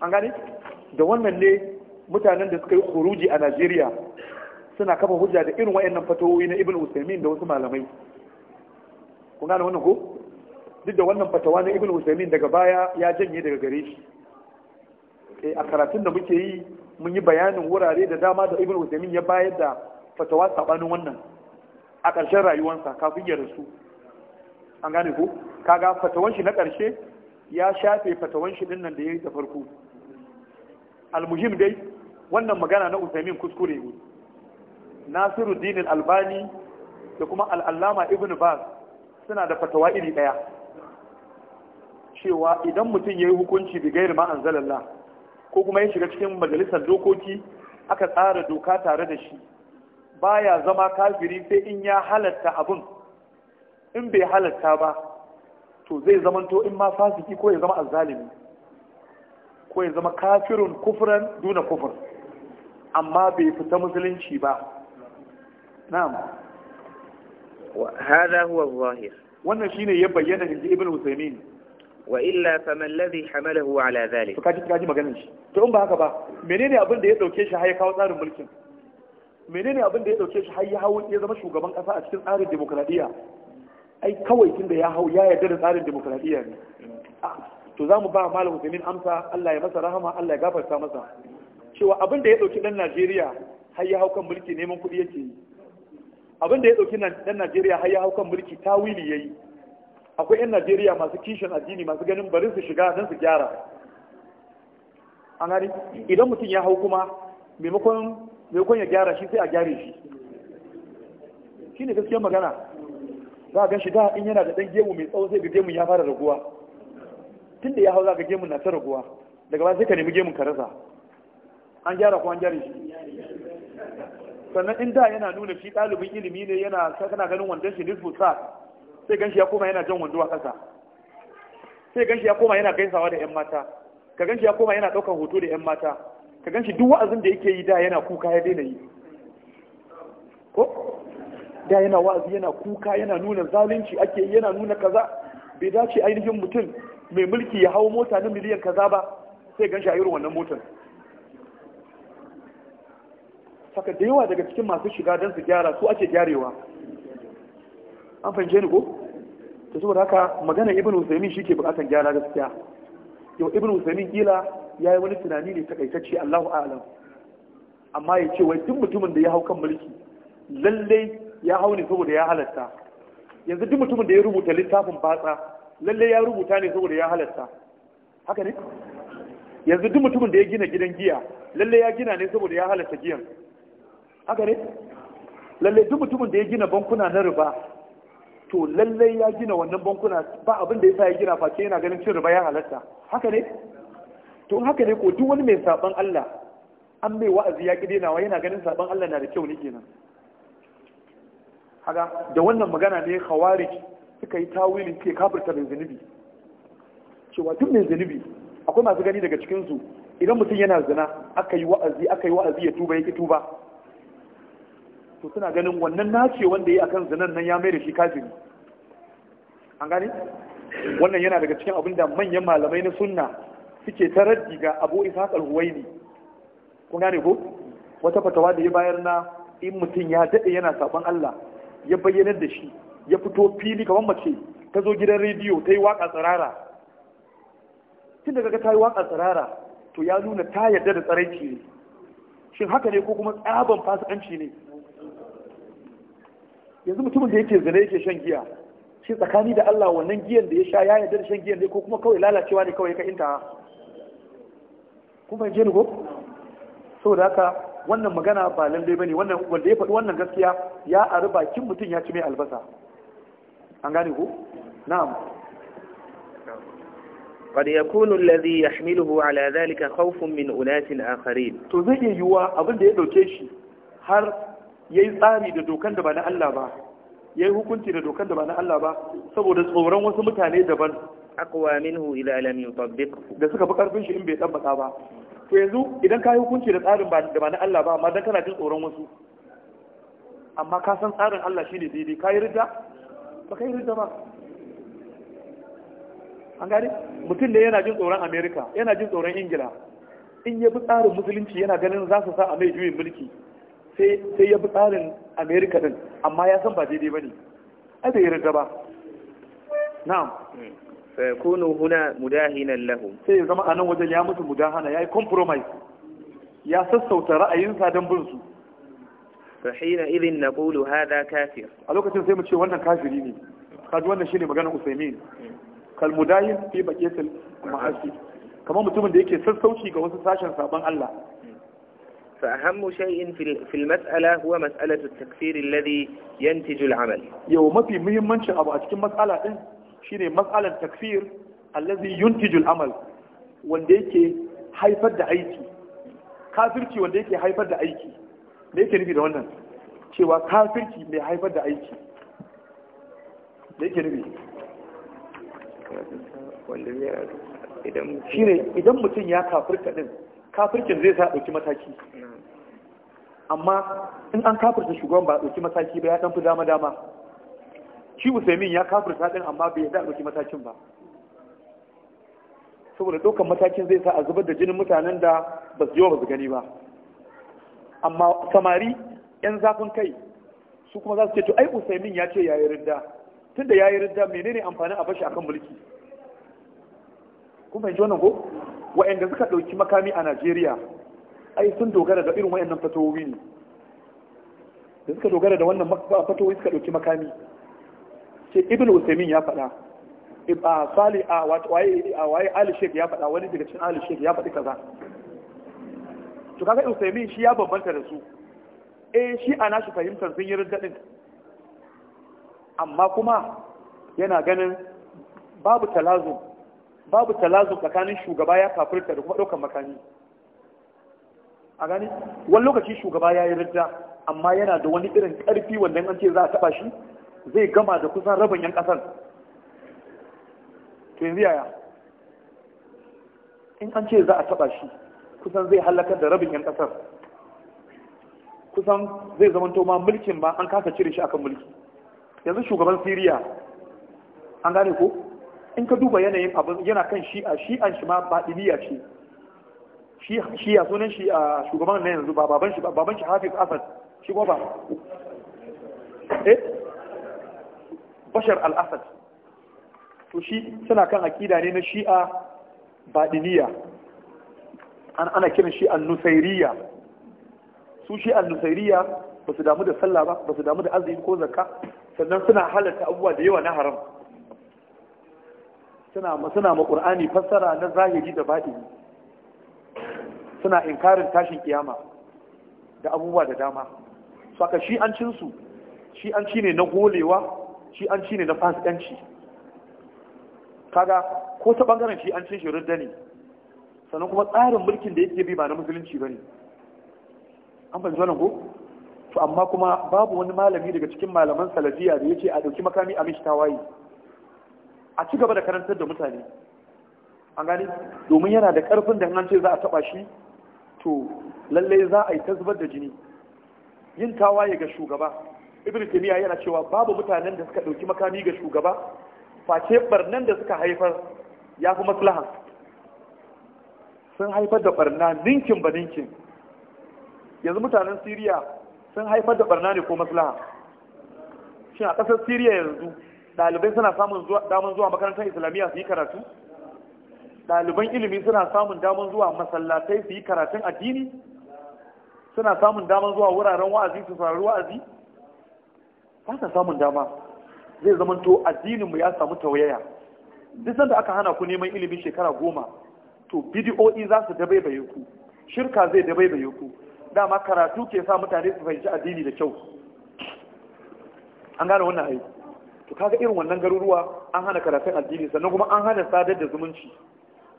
an gane da wannan ne mutanen da suka yi kuruji a Najeriya suna kafa hujja da irin wayannan fatawoyi na Ibn Usaimin da wasu malamai kun gane wannan ko duk da wannan fatawa na Ibn Usaimin daga baya ya janye daga gare shi eh, a karatun da muke yi mun yi bayanin wurare da dama da Ibn Usaimin ya bayar da fatawa sabanin wannan a ƙarshen rayuwarsa kafin ya rasu an gane ku kaga fatawan shi na ƙarshe ya shafe fatawan shi din nan da yayi da farko almuhim dai wannan magana na Usaimin kuskure ne Nasiruddin dinin albani da kuma al-Allama Ibn Baz suna da fatawa iri daya cewa idan mutum ya yi hukunci da gairi ma anzalallah ko kuma ya shiga cikin majalisar dokoki aka tsara doka tare da shi baya zama kafiri sai in ya halatta abun in bai halatta ba to zai zama to in ma fasiki ko ya zama azzalimi ko ya zama kafirun kufran duna kufur amma bai fita musulunci ba na'am hada huwa zahir wannan shine ya bayyana inji ibn usaymin wa illa faman ladhi hamalahu ala dhalik kaji kaji maganar shi to in ba haka ba menene abin da ya dauke shi har ya kawo tsarin mulkin menene abin da ya dauke shi har ya hawo ya zama shugaban kasa a cikin tsarin demokradiyya ai kawai tun da ya hau ya yarda da tsarin demokradiyya ne ah, to za mu ba malam musulmin amsa Allah ya masa rahama Allah ya gafarta masa cewa abin da ya dauki dan Najeriya har ya hau kan mulki neman kuɗi yake yi abin da ya dauki dan Najeriya har ya hau kan mulki tawili yayi akwai yan Najeriya masu kishin addini masu ganin barin su shiga dan su gyara A gani idan mutum ya hau kuma maimakon maimakon ya gyara shi sai a gyare shi shine gaskiyar magana za a gan shi da in yana da ɗan gemu mai tsawo sai ga gemun ya fara raguwa tun da ya hau za ga gemun na ta raguwa daga ba sai ka nemi gemun ka rasa an gyara ko an gyara shi sannan in da yana nuna shi ɗalibin ilimi ne yana kana ganin wandon shi nisbu sa sai ganshi ya koma yana jan wanduwa kasa ƙasa sai ganshi ya koma yana gaisawa da 'yan mata ka ganshi ya koma yana ɗaukar hoto da 'yan mata ka ganshi duk wa'azin da yake yi da yana kuka ya daina yi da yana wa'azi yana kuka yana nuna zalunci ake yana nuna kaza bai dace ainihin mutum mai mulki ya hau mota na miliyan kaza ba sai gan shayiru wannan motar saka da yawa daga cikin masu shiga don su gyara su ake gyarewa an fahimce ni ko ta saboda haka magana ibn usaimin shi ke bukatan gyara gaskiya yau ibn usaimin kila ya yi wani tunani ne takaitacce allahu alam amma ya ce wai duk mutumin da ya hau kan mulki lallai ya hau ne saboda ya halatta yanzu duk mutumin da ya rubuta littafin batsa lalle ya rubuta ne saboda ya halatta haka ne yanzu duk mutumin da ya gina gidan giya lalle ya gina ne saboda ya halatta giyan haka ne lalle duk mutumin da ya gina bankuna na riba to lalle ya gina wannan bankuna ba abin da yasa ya gina face yana ganin cin riba ya halatta haka ne to haka ne ko duk wani mai saban Allah an mai wa'azi ya ki wa yana ganin saban Allah na da kyau ne kenan kaga da wannan magana ne khawarij suka yi tawilin ke kafirta mai zunubi cewa duk mai zunubi akwai masu gani daga cikin su idan mutum yana zina aka yi wa'azi aka yi wa'azi ya tuba ya ki tuba to suna ganin wannan nace wanda ya akan zinan nan ya mai da shi kafiri an gane wannan yana daga cikin abinda manyan malamai na sunna suke ta raddi ga abu ishaq al-huwaini kun gane ko wata fatawa da ya bayar na in mutum ya daɗe yana sabon Allah ya bayyanar da shi ya fito fili kamar mace ta zo gidan rediyo ta yi waka tsirara tun da kaga ta yi waka tsirara to ya nuna ta yarda da tsaranci ne shin haka ne ko kuma tsaban fasikanci ne yanzu mutumin da yake zina yake shan giya shi tsakani da Allah wannan giyan da ya sha ya yarda da shan giyan ne ko kuma kawai lalacewa ne kawai ka inta kun fahimce ni ko saboda haka wannan magana ba lalle bane wannan wanda ya faɗi wannan gaskiya ya ari bakin mutum ya ci mai albasa an gane ko na'am قد يكون الذي يحمله على ذلك خوف من أناس آخرين to zai iya yiwuwa abin da ya dauke shi har yayi tsari da dokan da ba na Allah ba yayi hukunci da dokan da ba na Allah ba saboda tsoron wasu mutane daban aqwa minhu idza lam yutabbiq da suka fi karfin shi in bai tabbata ba to yanzu idan ka yi hukunci da tsarin da ba na Allah ba amma dan kana jin tsoron wasu amma ka san tsarin Allah shi ne daidai ka yi rida ba ka yi rida ba an gane mutum da yana jin tsoron Amerika yana jin tsoron Ingila in ya bi tsarin musulunci yana ganin za su sa a mai juyin mulki sai ya bi tsarin Amerika din amma ya san ba daidai ba ne ai bai rida ba na'am hmm. fayakunu huna mudahinan lahum sai ya zama a nan wajen ya mutu mudahana ya yi compromise ya sassauta ra'ayinsa don bin su fa hina idin naqulu hadha kafir a lokacin sai mu ce wannan kafiri ne kaji wannan shine maganar usaimin kal mudahin fi baqiyatil ma'asi kamar mutumin da yake sassauci ga wasu sashen saban Allah Fa فأهم شيء في المسألة هو مسألة التكفير الذي ينتج العمل يوم في مهم منشأ أبو أتكلم مسألة إيه؟ shine mas'alar takfir allazi yuntijul amal wanda yake haifar da aiki kafirci wanda yake haifar da aiki me yake nufi da wannan cewa kafirci mai haifar da aiki da yake nufi shine idan mutum ya kafirta din kafircin zai sa ɗauki mataki amma in an kafirta shugaban ba ɗauki mataki ba ya ɗan fi dama-dama shi usaimin ya kafirta din amma bai da ɗauki matakin ba saboda ɗaukan matakin zai sa a zubar da jinin mutanen da ba su yi ba su gani ba amma samari yan zafin kai su kuma za su ce to ai usaimin ya ce yayi ridda tunda yayi ridda menene amfanin a bashi akan mulki kuma ji wannan ko wa'anda suka ɗauki makami a Najeriya ai sun dogara da irin wa'annan fatawowi ne da suka dogara da wannan fatawowi suka ɗauki makami ce ibn usaimin ya faɗa a sali a waye ali sheik ya faɗa wani daga cikin ali sheik ya faɗi kaza to kaga usaimin shi ya bambanta da su eh shi ana shi fahimtar sun yi riddadin amma kuma yana ganin babu talazu babu talazu tsakanin shugaba ya kafirta da kuma ɗaukar makami a gani wani lokaci shugaba ya yi ridda amma yana da wani irin ƙarfi wanda an ce za a taɓa shi zai gama da kusan rabin yan kasar to yanzu yaya in an ce za a taɓa shi kusan zai halakar da rabin yan kasar kusan zai zama ma mulkin ba an kasa cire shi akan mulki yanzu shugaban siriya an gane ko in ka duba yanayin abin yana kan shi'a shi'an shi ma baɗiniya ce shi'a sunan shi a shugaban na yanzu ba baban shi baban shi hafiz asad shi kuma ba eh bashar al-asad to shi suna kan akida ne na shi'a badiliya an ana kiran shi al-nusairiya su shi nusairiya ba su damu da sallah ba ba su damu da arziki ko zakka sannan suna halatta abubuwa da yawa na haram suna suna ma qur'ani fassara na zahiri da batini suna inkarin tashin kiyama da abubuwa da dama saka shi an cin shi an ci ne na golewa shi an ci ne na fasikanci kaga ko ta bangaren shi an cin shi rudda ne sannan kuma tsarin mulkin da yake bi ba na musulunci ba ne an fahimci wannan ko to amma kuma babu wani malami daga cikin malaman salafiya da yake a dauki makami a mishi tawaye a ci gaba da karantar da mutane an gani domin yana da karfin da an ce za a taɓa shi to lallai za a yi ta zubar da jini yin tawaye ga shugaba Ibrahim taymiya yana cewa babu mutanen da suka dauki makami ga shugaba face barnan da suka haifar ya fi maslaha. sun haifar da barna ninkin ba ninkin yanzu mutanen siriya sun haifar da barna ne ko maslaha shi a ƙasar siriya yanzu ɗalibai suna samun damar zuwa makarantar islamiyya su yi karatu ɗaliban ilimi suna samun damar zuwa masallatai su yi karatun addini suna samun damar zuwa wuraren wa'azi su faru wa'azi ba samun dama zai zamanto addininmu ya samu tawayaya duk sanda aka hana ku neman ilimin shekara goma to bidiyo'i za su dabaibaye ku shirka zai dabaibaye ku dama karatu ke sa mutane su fahimci addini da kyau an gane wannan aiki to kaga irin wannan garuruwa an hana karatun addini sannan kuma an hana sadar da zumunci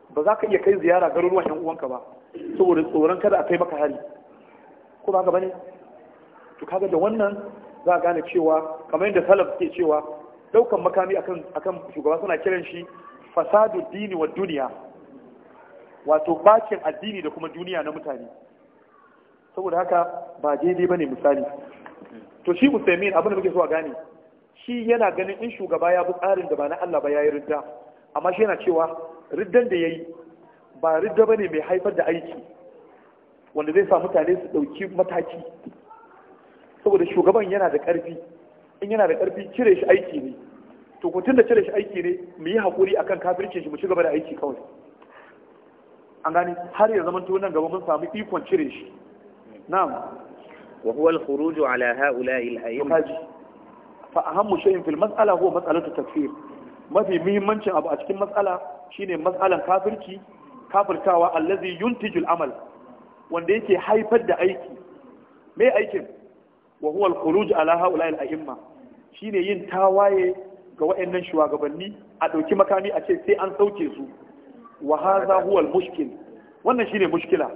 ba za ka iya kai ziyara garuruwan yan uwanka ba saboda tsoron kada a kai maka hari ko ba ka bane to kaga da wannan za a gane cewa kamar yadda salaf ke cewa daukan makami akan shugaba suna kiran shi fasadu dini wa duniya wato bakin addini da kuma duniya na mutane saboda haka ba daidai bane misali to shi musaimin abin da muke so a gane shi yana ganin in shugaba ya bi tsarin da ba na Allah ba yayi ridda amma shi yana cewa riddan da yayi ba ridda bane mai haifar da aiki wanda zai sa mutane su dauki mataki saboda shugaban yana da ƙarfi in yana da ƙarfi cire shi aiki ne to kun tunda cire shi aiki ne mu yi haƙuri akan kafircin shi mu ci gaba da aiki kawai an gani har ya zama tunan gaba mun samu ikon cire shi na'am wa huwa al-khuruj ala ha'ula'i al-ayyam fa ahammu shay'in fil mas'ala huwa mas'alatu takfir mafi muhimmancin abu a cikin mas'ala shine mas'alan kafirci kafirtawa allazi yuntijul amal wanda yake haifar da aiki me aikin wa huwa al-khuruj ala haula'i al-a'imma shine yin tawaye ga wayannan shugabanni a dauki makami a ce sai an sauke su wa hadha huwa al-mushkil wannan shine mushkila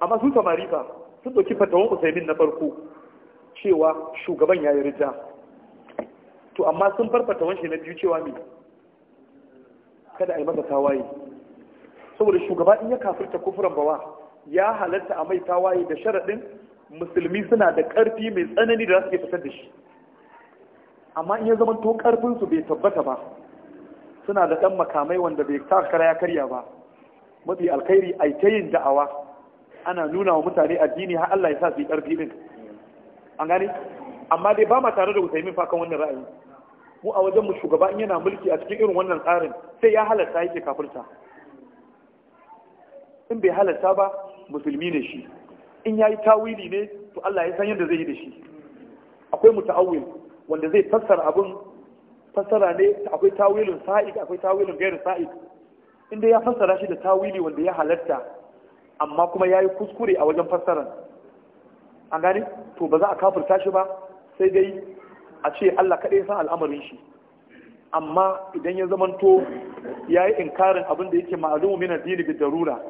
amma su samari fa sun dauki fatawan Usaimin na farko cewa shugaban yayi rija to amma sun farfata wannan na biyu cewa me kada a masa tawaye saboda shugaba in ya kafirta kufuran bawa ya halatta a mai tawaye da sharaɗin musulmi suna da ƙarfi mai tsanani da za su iya fitar da shi amma in ya zama to su bai tabbata ba suna da ɗan makamai wanda bai sa kara ya karya ba mafi alkhairi a ta yin da'awa ana nuna wa mutane addini har Allah ya sa su yi ƙarfi din an gane amma dai ba ma tare da usaimin fakan wannan ra'ayi mu a wajen mu shugaba in yana mulki a cikin irin wannan tsarin sai ya halatta yake kafirta in bai halatta ba musulmi ne shi in ya yi tawili ne to Allah ya san yadda zai yi da shi akwai muta'awwil wanda zai fassara abin fassara ne akwai tawilin sa'id akwai tawilin gairin sa'id inda ya fassara shi da tawili wanda ya halatta amma kuma ya yi kuskure a wajen fassaran an gane to ba za a kafirta shi ba sai dai a ce Allah kaɗai san al'amarin shi amma idan ya zamanto ya yi inkarin abin da yake ma'azumu min ad-din bi darura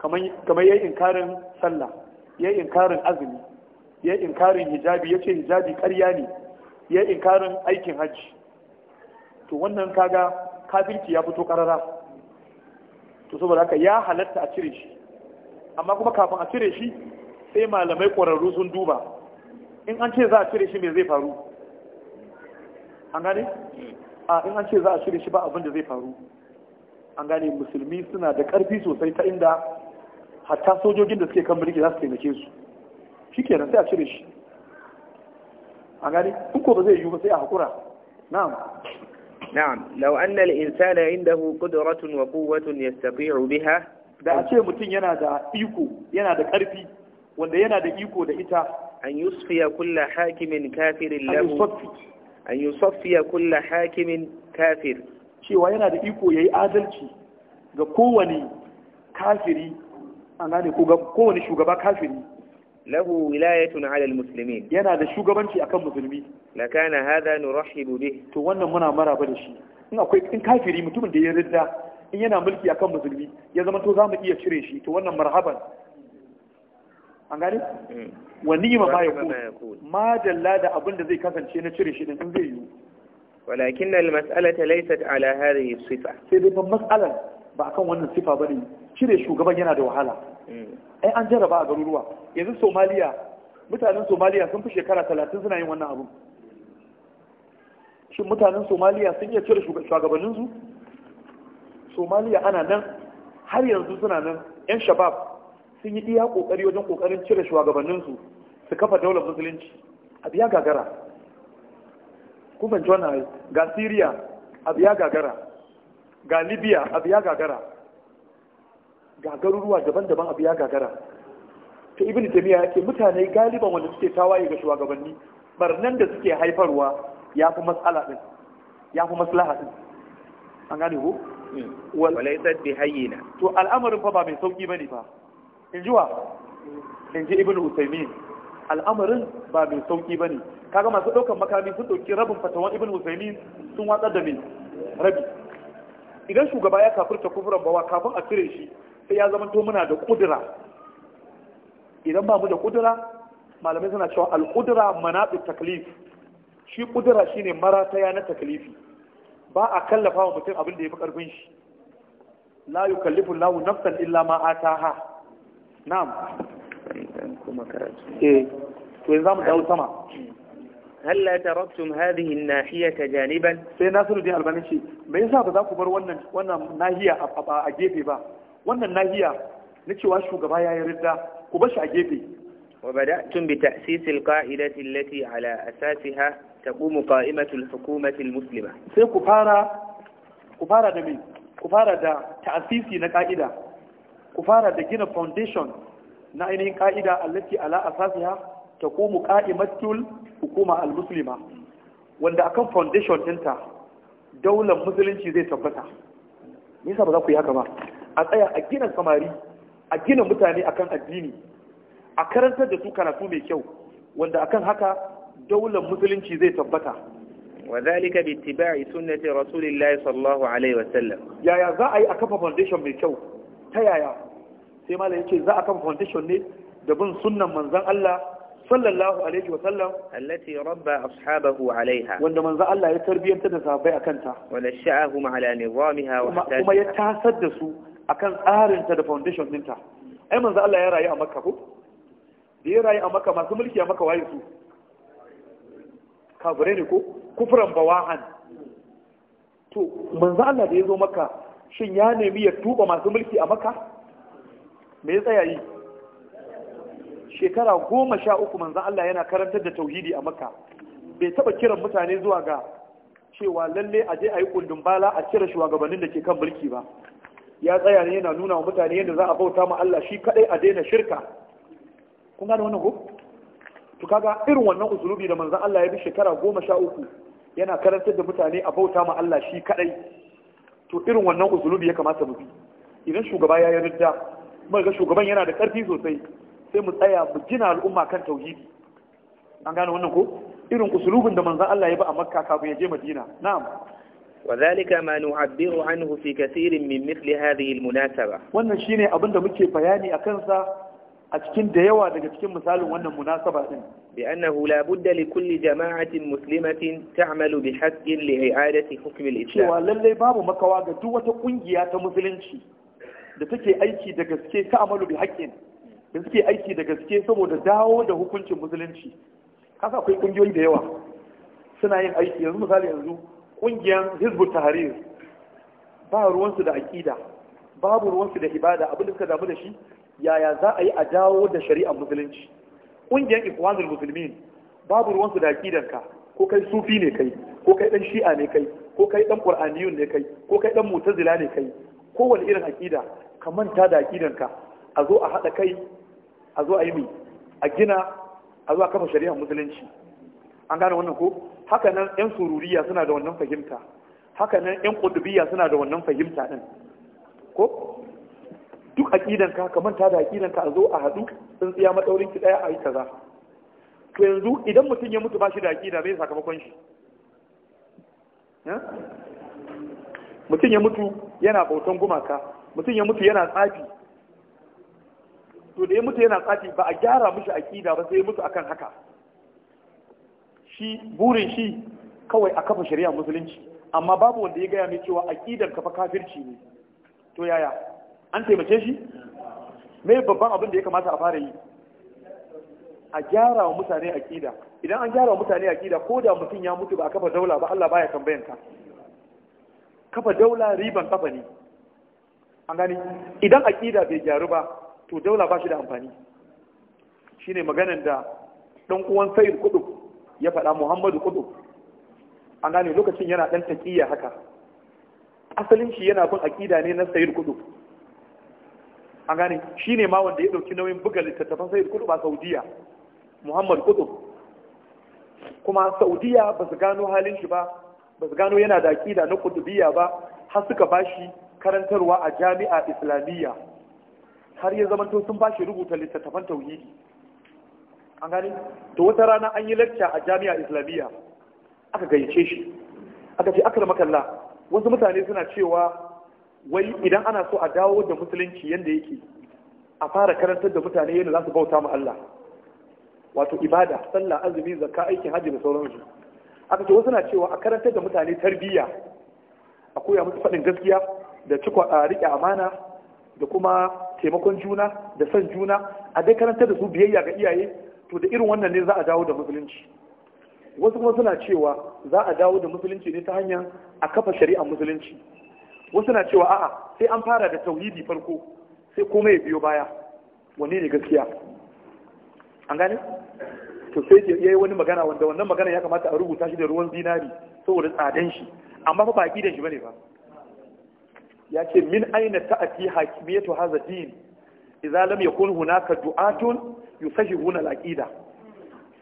kamar yayi inkarin sallah yayi inkarin azumi yayi inkarin hijabi yace hijabi ƙarya ne yayi inkarin aikin hajji to wannan kaga kafirci ya fito karara to saboda haka ya halatta a cire shi amma kuma kafin a cire shi sai malamai ƙwararru sun duba in an ce za a cire shi me zai faru an gane a in an ce za a cire shi ba abin da zai faru an gane musulmi suna da ƙarfi sosai ta inda hatta sojojin da suke kan mulki za su taimake su shi kenan sai a cire shi a gani in ko ba zai yiwu ba sai a haƙura na'am na'am law anna al-insan indahu ratun wa tafi yastati'u biha da a ce mutum yana da iko yana da ƙarfi wanda yana da iko da ita an yusfiya kulla hakimin kafirin lahu an fiye kulla hakimin kafir cewa yana da iko yayi adalci ga kowane kafiri an gane ko kowane shugaba kafiri lahu wilayatun ala almuslimin yana da shugabanci akan musulmi la kana hadha nurahibu bih to wannan muna maraba da shi in akwai in kafiri mutumin da ya ridda in yana mulki akan musulmi ya zama to zamu iya cire shi to wannan marhaban an gane hmm. wa ni'ma ma yakun ma dalla da abin da zai kasance na cire shi din in zai yi walakin almas'alata laysat ala hadhihi sifa sai dai mas'alan ba akan wannan sifa bane cire shugaban yana da wahala ai eh, an jarraba a garuruwa yanzu somaliya mutanen somaliya sun fi shekara talatin suna yin wannan abu shin mutanen somaliya sun iya cire shugabanninsu somaliya ana nan har yanzu suna nan yan shabab sun yi iya kokari wajen kokarin cire shugabanninsu su kafa daular musulunci abu ya gagara kuma jona ga syria abu ya gagara ga libya abu ya gagara Gagaruruwa daban-daban abu ya gagara ta ibn tamiya ke mutane galiban wanda suke tawaye ga shugabanni barnan da suke haifarwa ya fi matsala din ya fi maslaha din an gane ko hmm. walaisar bi hayyina to al'amarin fa ba mai sauki bane fa in ji wa in ji ibn usaimin al'amarin ba mai sauki bane kaga masu ɗaukar makami sun ɗauki rabin fatawan ibn usaimin sun watsar da mai rabi idan shugaba ya kafurta kufuran bawa kafin a cire shi sai ya zama to muna da kudura idan ba mu da kudura malamai suna cewa al-kudura manabi taklif shi kudura shine marataya na taklifi ba a kallafa wa mutum abin da ya fi ƙarfin shi la yukallifu Allahu nafsan illa ma a na'am kuma karatu eh to yanzu mu dawo sama هل تركتم هذه الناحية جانبا؟ سيناصر الدين البانيشي ما يسا بذاكو بر wannan wannan nahiya a gefe ba wannan nahiya na cewa shugaba ya yi ridda ku bashi a gefe wa bi ta'sis al-qa'idati allati ala asasiha taqumu qa'imatu al-hukumati sai ku fara da me na ka'ida ku fara da gina foundation na ainihin ka'ida allati ala asasiha taqumu qa'imatul hukuma al wanda akan foundation ɗinta daular musulunci zai tabbata nisa ba za ku yi haka ba a tsaya a gina samari a gina mutane akan addini a karantar da su karatu mai kyau wanda akan haka daular musulunci zai tabbata وذلك باتباع سنة رسول الله صلى الله عليه وسلم يا يا za a yi a kafa foundation mai kyau ta yaya sai mala yace za a kafa foundation ne da bin sunnan manzon Allah sallallahu alaihi wasallam allati rabba ashabahu alaiha wanda manzon Allah ya tarbiyantar da sahabbai akan ta wa nasha'ahum ala kuma ya tasar da su akan tsarinta da foundation ɗinta ai manzo Allah ya rayu a makka ko da ya rayu a makka masu mulki a makka waye su kafirai ne ko kufran bawahan to manzo Allah da ya zo makka shin ya nemi ya tuba masu mulki a makka me ya tsaya yi shekara goma sha uku manzo Allah yana karantar da tauhidi a makka bai taba kiran mutane zuwa ga cewa lalle a je a yi kundin bala a cire shugabannin da ke kan mulki ba ya tsaya ne yana nuna wa mutane yadda za a bauta ma Allah shi kadai a daina shirka kun gane wannan ko to kaga irin wannan usulubi da manzon Allah ya bi shekara goma sha uku yana karantar da mutane a bauta ma Allah shi kadai to irin wannan usulubi ya kamata mu bi idan shugaba ya yarda mun ga shugaban yana da karfi sosai sai mu tsaya mu gina al'umma kan tauhidi an gane wannan ko irin usulubin da manzon Allah ya bi a Makka kafin ya je Madina na'am وذلك ما نعبر عنه في كثير من مثل هذه المناسبة wannan shine abin da muke bayani a kansa a cikin da yawa daga cikin misalin wannan munasaba din بأنه لا بد لكل جماعة مسلمة تعمل بحق لإعادة حكم الإسلام cewa lallai babu makawa ga duk wata kungiya ta musulunci da take aiki da gaske ta amalu bi haƙƙin da suke aiki da gaske saboda dawo da hukuncin musulunci kasa akwai kungiyoyi da yawa suna yin aiki yanzu misali yanzu ƙungiyar hizbul tahrir ba ruwansu da aƙida babu ruwansu da ibada abin da suka damu da shi yaya za a yi a dawo da shari'ar musulunci ƙungiyar ikwanul musulmin babu ruwansu da aƙidanka ko kai sufi ne kai ko kai dan shi'a ne kai ko kai dan qur'aniyun ne kai ko kai dan mu'tazila ne kai ko wani irin aƙida ka manta da aƙidanka a zo a haɗa kai a zo a yi mai a gina a zo a kafa shari'ar musulunci an gane wannan ko haka nan yan sururiya suna da wannan fahimta haka nan yan kudubiya suna da wannan fahimta din ko duk aqidan ka ka manta da aqidan ka a zo a hadu sun tsiya madaurin ki daya a yi kaza to yanzu idan mutum ya mutu ba shi da aqida bai sakamakon shi eh? mutum ya mutu yana bautan gumaka mutum ya mutu yana tsafi to da ya mutu yana tsafi ba a gyara mishi aqida ba sai ya mutu akan haka shi burin shi kawai a kafa shari'a musulunci amma babu wanda ya gaya mai cewa aƙidar kafa kafirci ne to yaya an taimake shi me babban abin da ya kamata a fara yi a gyara wa mutane aƙida idan an gyara wa mutane aƙida ko da mutum ya mutu ba a kafa daula ba Allah baya tambayan ka kafa daula riban kafa ne an gani idan aƙida bai gyaru ba to daula ba shi da amfani shine maganan da dan uwan sayyid kudu ya faɗa muhammadu kudu an gane lokacin yana ɗan taƙiyya haka asalin shi yana bin aƙida ne na sayar kudu an gane shi ne ma wanda ya ɗauki nauyin buga littattafan sayar kudu ba saudiya Muhammadu kudu kuma saudiya ba su gano halin shi ba ba su gano yana da aƙida na kudubiya ba har suka ba shi karantarwa a jami'a islamiyya har ya zamanto sun ba shi rubuta littattafan tauhidi an gani to wata rana an yi lacca a jami'a islamiyya aka gayyace shi aka ce akar makalla wasu mutane suna cewa wai idan ana so a dawo da musulunci yadda yake a fara karantar da mutane yadda za su bauta ma Allah wato ibada sallah azumi zakka aikin hajji da sauransu aka ce wasu na cewa a karantar da mutane tarbiyya a koya musu faɗin gaskiya da cikwa a riƙe amana da kuma taimakon juna da san juna a dai karantar da su biyayya ga iyaye to da irin wannan ne za a dawo da musulunci wasu kuma suna cewa za a dawo da musulunci ne ta hanyar a kafa shari'ar musulunci wasu na cewa a'a sai an fara da tauhidi farko sai komai ya biyo baya Wani ne gaskiya an gane to sai yayi wani magana wanda wannan magana ya kamata a rubuta shi da ruwan zinari saboda tsadan shi amma fa baki da shi bane ba ya ce min aina ta'ati hakimiyatu hadha din idza lam yakun hunaka du'atun yusahihuna al-aqida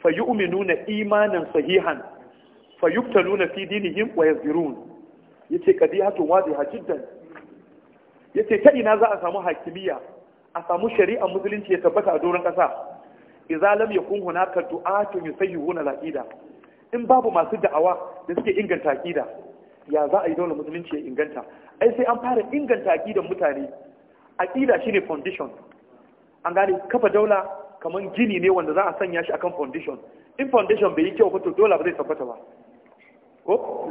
fa yu'minuna imanan sahihan fa yuftanuna fi dinihim wa yazirun yace qadiyatu wadiha jiddan yace ta ina za a samu hakimiyya a samu shari'a musulunci ya tabbata a doron kasa idza lam yakun hunaka du'atun yusahihuna al-aqida in babu masu da'awa da suke inganta aqida ya za a yi dole musulunci ya inganta ai sai an fara inganta aqidan mutane aqida shine foundation an gane kafa daula kamar gini ne wanda za a sanya shi akan foundation in foundation bai yi kyau ba to dole ba zai tabbata ba ko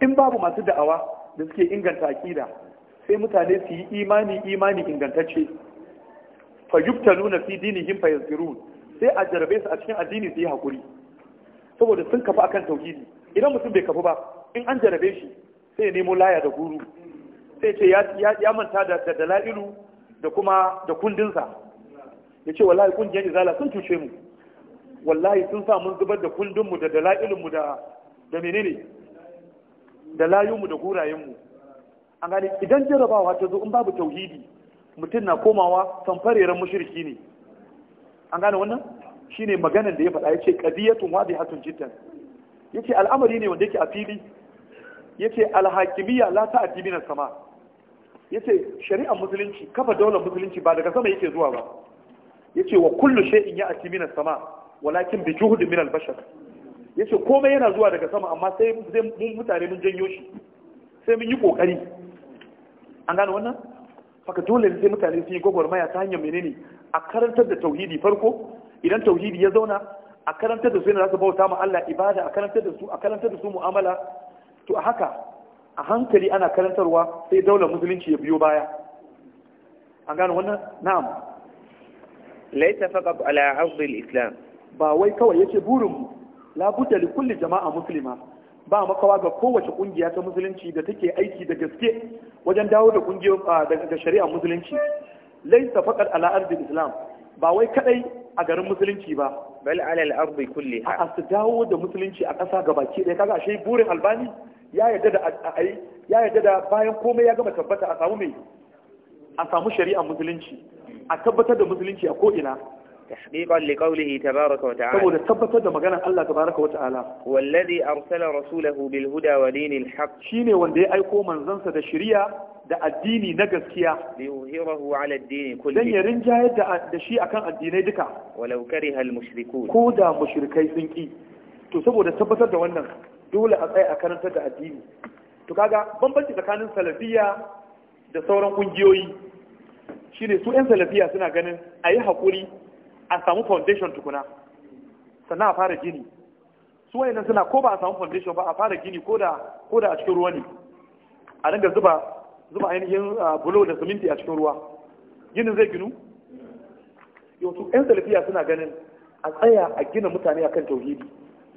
in babu masu da'awa da suke inganta akida sai mutane su yi imani imani ingantacce fa na fi dinihim fa yazkurun sai a jarabe su a cikin addini su yi hakuri saboda sun kafa akan tauhidi idan mutum bai kafa ba in an jarabe shi sai ya nemo laya da guru sai ce ya manta da Dala'ilu da kuma da kundinsa ya ce wallahi kungiyar izala sun cuce mu wallahi sun sa mun zubar da kundinmu da dala'ilinmu da da menene da layunmu da gurayenmu an gani idan jarabawa ta zo in babu tauhidi mutum na komawa samfareren mushriki ne an gane wannan shine maganar da ya faɗa ya ce hatun wadihatun ya yace al'amari ne wanda yake a fili yace alhakimiyya la ta min sama yace shari'ar musulunci kafa daular musulunci ba daga sama yake zuwa ba yace wa kullu shay'in ya'ti minas sama walakin bi juhdin minal bashar yace komai yana zuwa daga sama amma sai mun mutane mun janyo shi sai mun yi kokari an gane wannan faka dole sai mutane sun yi gwagwarmaya ta hanyar menene a karantar da tauhidi farko idan tauhidi ya zauna a karantar da su yana za bauta ma Allah ibada a karantar da su a karantar da su mu'amala to a haka a hankali ana karantarwa sai daular musulunci ya biyo baya an gane wannan na'am laisa faqat ala hafd islam ba wai kawai yace burin mu la budda li kulli jama'a muslima ba makawa ga kowace kungiya ta musulunci da take aiki da gaske wajen dawo da kungiyoyin ah, da shari'a musulunci laisa faqat ala ardi islam ba wai kadai a garin musulunci ba bal ala al-ardi kulliha a su dawo da musulunci a ƙasa gabaki ɗaya kaga shi burin albani ya yarda da ya yarda da bayan komai ya gama tabbata a samu mai a samu shari'a musulunci a tabbatar da musulunci a ko'ina تحقيقا لقوله تبارك وتعالى Saboda tabbatar da maganar Allah tabaraka wa ta'ala wallazi arsala rasulahu bil huda wa dinil haqq shine wanda ya aiko manzansa da shari'a da addini na gaskiya liyuhirahu ala ad-din kulli dan ya rinjayar da da shi akan addinai duka walau kariha al mushrikun ko da mushrikai sun ki to saboda tabbatar da wannan dole a tsaya a karantar da addini to kaga bambanci tsakanin salafiyya da sauran kungiyoyi shine su 'yan salafiya suna ganin a yi haƙuri a samu foundation tukuna sannan a fara gini su wayannan suna ko ba a samu foundation ba a fara gini ko da a cikin ruwa ne a dinga zuba ainihin ah, bulo da siminti a cikin ruwa ginin zai ginu yau su 'yan salafiya suna ganin a tsaya a gina mutane akan tauhidi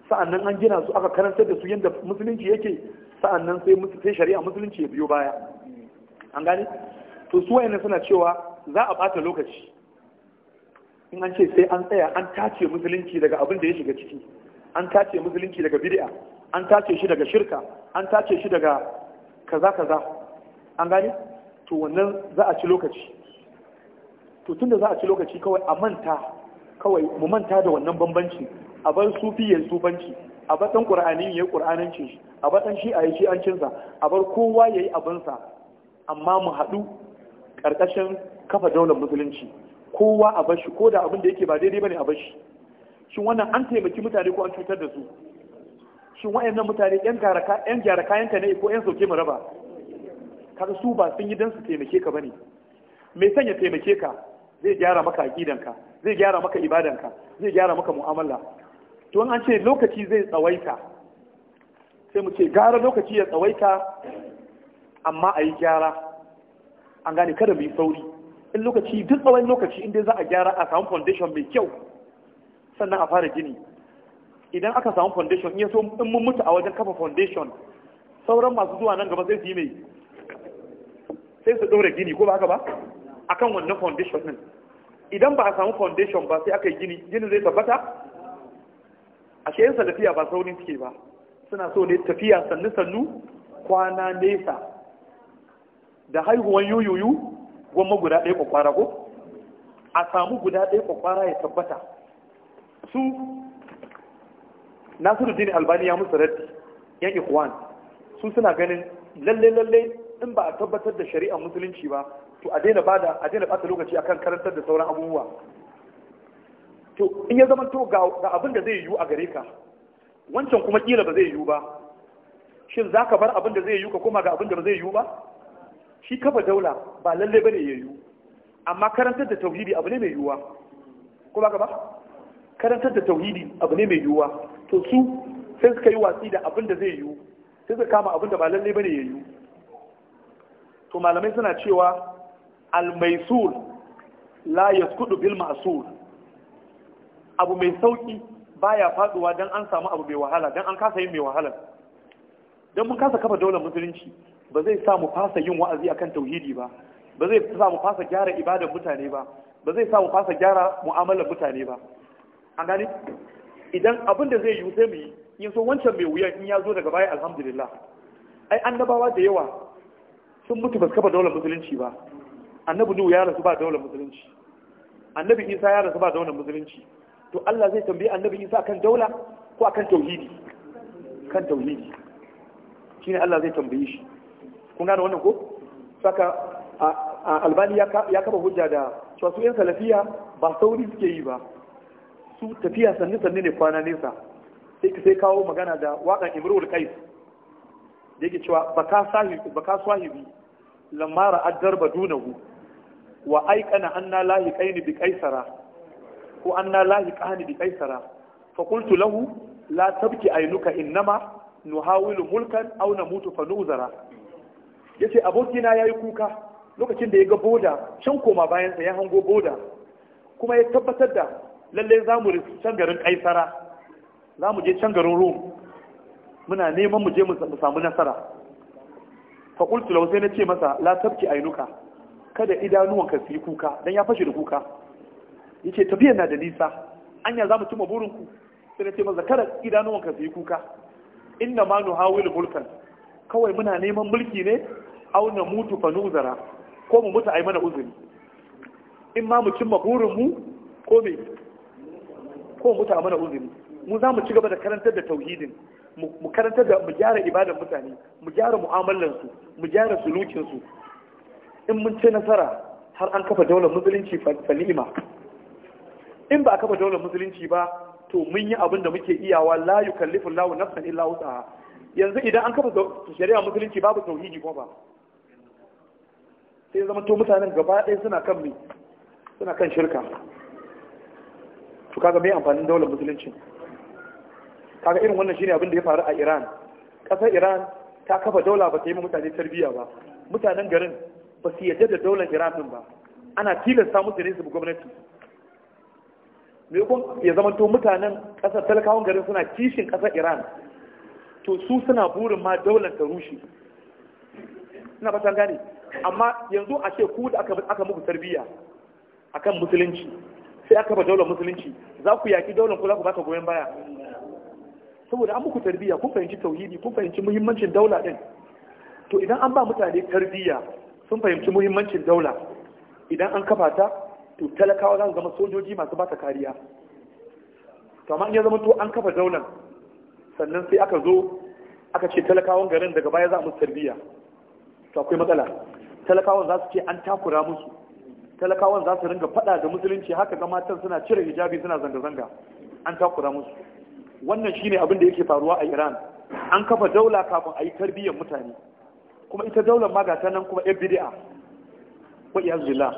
sa'annan an gina su aka karantar da su yadda musulunci yake sa'annan sai shari'a musulunci ya biyo baya an gane to su wayannan suna cewa za a bata lokaci in an ce sai an tsaya an tace musulunci daga abin da ya shiga ciki an tace musulunci daga bid'a an tace shi daga shirka an tace shi daga kaza kaza an gane to wannan za a ci lokaci to tunda za a ci lokaci kawai a manta kawai mu manta da wannan bambanci a bar sufi ya sufanci a bar dan qur'ani ya qur'anancin shi a bar dan shi ayi shi an a bar kowa yayi abinsa amma mu haɗu ƙarƙashin kafa daular musulunci kowa a bashi ko da abin da yake ba daidai bane a bashi shin wannan an taimaki mutane ko an cutar da su shin wayannan mutane yan gyara yan gyara kayan ka ne ko yan sauke mu raba kaga su ba sun yi dan su taimake ka bane me sanya taimake ka zai gyara maka aqidanka zai gyara maka ibadanka zai gyara maka mu'amala to an ce lokaci zai tsawaita sai mu ce gara lokaci ya tsawaita amma a yi gyara an gane kada mu yi sauri in lokaci duk tsawon lokaci inda za a gyara a samu foundation mai kyau sannan a fara gini idan aka samu foundation in so in mun mutu a wajen kafa foundation sauran masu zuwa nan gaba sai su yi mai sai su ɗaure gini ko ba haka ba a kan wannan foundation ɗin idan ba a samu foundation ba sai aka yi gini gini zai tabbata a shayin tafiya ba saurin suke ba suna so ne tafiya sannu sannu kwana nesa da haihuwan yuyuyu gwamma guda ɗaya kwakwara ko a samu guda ɗaya kwakwara ya tabbata su nasiru dini albani ya musu raddi yan ikwan su suna ganin lalle lalle in ba a tabbatar da shari'a musulunci ba to a daina bada a daina bata lokaci akan karantar da sauran abubuwa to in ya zama to ga abin da zai yiwu a gare ka wancan kuma kila ba zai yiwu ba shin za ka bar abin da zai yiwu ka koma ga abin da ba zai yiwu ba shi kafa daula ba lalle bane ya yiwu amma karantar da tauhidi abu ne mai yiwuwa ko ba ka ba karantar da tauhidi abu ne mai yiwuwa to su sai suka yi watsi da abin da zai yiwu sai suka kama abin da ba lalle bane ya yiwu to malamai suna cewa almaisul la yaskudu bil ma'sul abu mai sauki baya faduwa dan an samu abu mai wahala dan an kasa yin mai wahala dan mun kasa kafa daular musulunci ba zai sa mu fasa yin wa'azi akan tauhidi ba ba zai sa mu fasa gyara ibadar mutane ba ba zai sa mu fasa gyara mu'amalar mutane ba an gani idan abin da zai yi sai mu yi in so wancan mai wuya in ya zo daga baya alhamdulillah ai annabawa da yawa sun mutu ba su kafa daular musulunci ba annabi nuhu ya rasu ba daular musulunci annabi isa ya rasu ba daular musulunci to Allah zai tambayi annabi isa akan daula ko akan tauhidi kan tauhidi shine Allah zai tambaye shi kun gane wannan ko saka albani ya kafa hujja da cewa su yan salafiya ba sauri suke yi ba su tafiya sanne sanne ne kwana nesa sai sai kawo magana da waƙan imrul kais da yake cewa baka sahibi baka sahibi lamara ra'ad dunahu wa aikana anna lahiqaini bi qaisara ko anna lahiqani bi qaisara fa qultu lahu la tabki ainuka innama nuhawilu mulkan aw namutu fa nuzara Ya ce abokina ya yi kuka lokacin da ya ga boda can koma bayansa ya hango boda kuma ya tabbatar da lalle za mu rufe can garin kaisara za mu je can garin rom muna neman mu je mu samu nasara fa tulau sai na ce masa la ainuka kada idanuwanka su yi kuka don ya fashe da kuka Ya ce tafiyar na da nisa anya za mu cimma burinku sai na ce masa kada idanuwanka su yi kuka inna ma nuhawilu mulkan kawai muna neman mulki ne au na mutu fa nuzara ko mu mutu ai mana uzuri in ma mu cimma burin mu ko me ko mutu a mana uzuri mu za mu ci gaba da karantar da tauhidin mu karantar da mu gyara ibadan mutane mu gyara mu'amalansu mu gyara sulukinsu in mun ce nasara har an kafa daular musulunci fa ni'ima in ba a kafa daular musulunci ba to mun yi abin da muke iyawa la yukallifu llahu nafsan illa wusaha yanzu idan an kafa shari'a musulunci babu tauhidi ko ba sai zama to mutanen gaba ɗaya suna kan mai suna kan shirka to kaga mai amfanin daular musulunci kaga irin wannan shine abin da ya faru a Iran ƙasar Iran ta kafa daula ba ta yi mutane tarbiyya ba mutanen garin ba su yadda da daular Iran din ba ana tilasta musu ne su bi gwamnati me ya zama to mutanen ƙasar talakawan garin suna kishin ƙasar Iran to su suna burin ma daular ta rushe suna ba gane amma yanzu a ce ku da aka muku tarbiyya akan musulunci sai aka ba daular musulunci za ku yaki daular ku za ku bata goyon baya saboda an muku tarbiyya kun fahimci tauhidi kun fahimci muhimmancin daula din to idan an ba mutane tarbiyya sun fahimci muhimmancin daula idan an kafa ta to talakawa za su zama sojoji masu bata kariya to amma in ya zama to an kafa daular sannan sai aka zo aka ce talakawan garin daga baya za a musu tarbiyya to akwai matsala talakawan za su ce an takura musu talakawan za su ringa fada da musulunci haka ga matan suna cire hijabi suna zanga-zanga an takura musu wannan shine abin da yake faruwa a Iran an kafa daula kafin a yi tarbiyyar mutane kuma ita daular ma gata nan kuma yan bid'a wa iyaz billah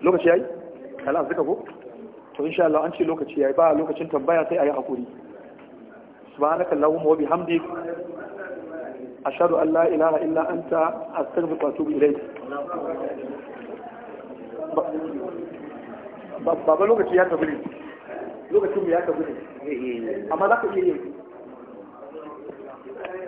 lokaci yayi kala zuka ko to insha Allah an ce lokaci yayi ba lokacin tambaya sai ayi hakuri subhanakallahumma wa bihamdik ashhadu an la ilaha illa anta astaghfiruka wa atubu ilayk baba lokaci ya tafi ne lokacin mu ya tafi ne ka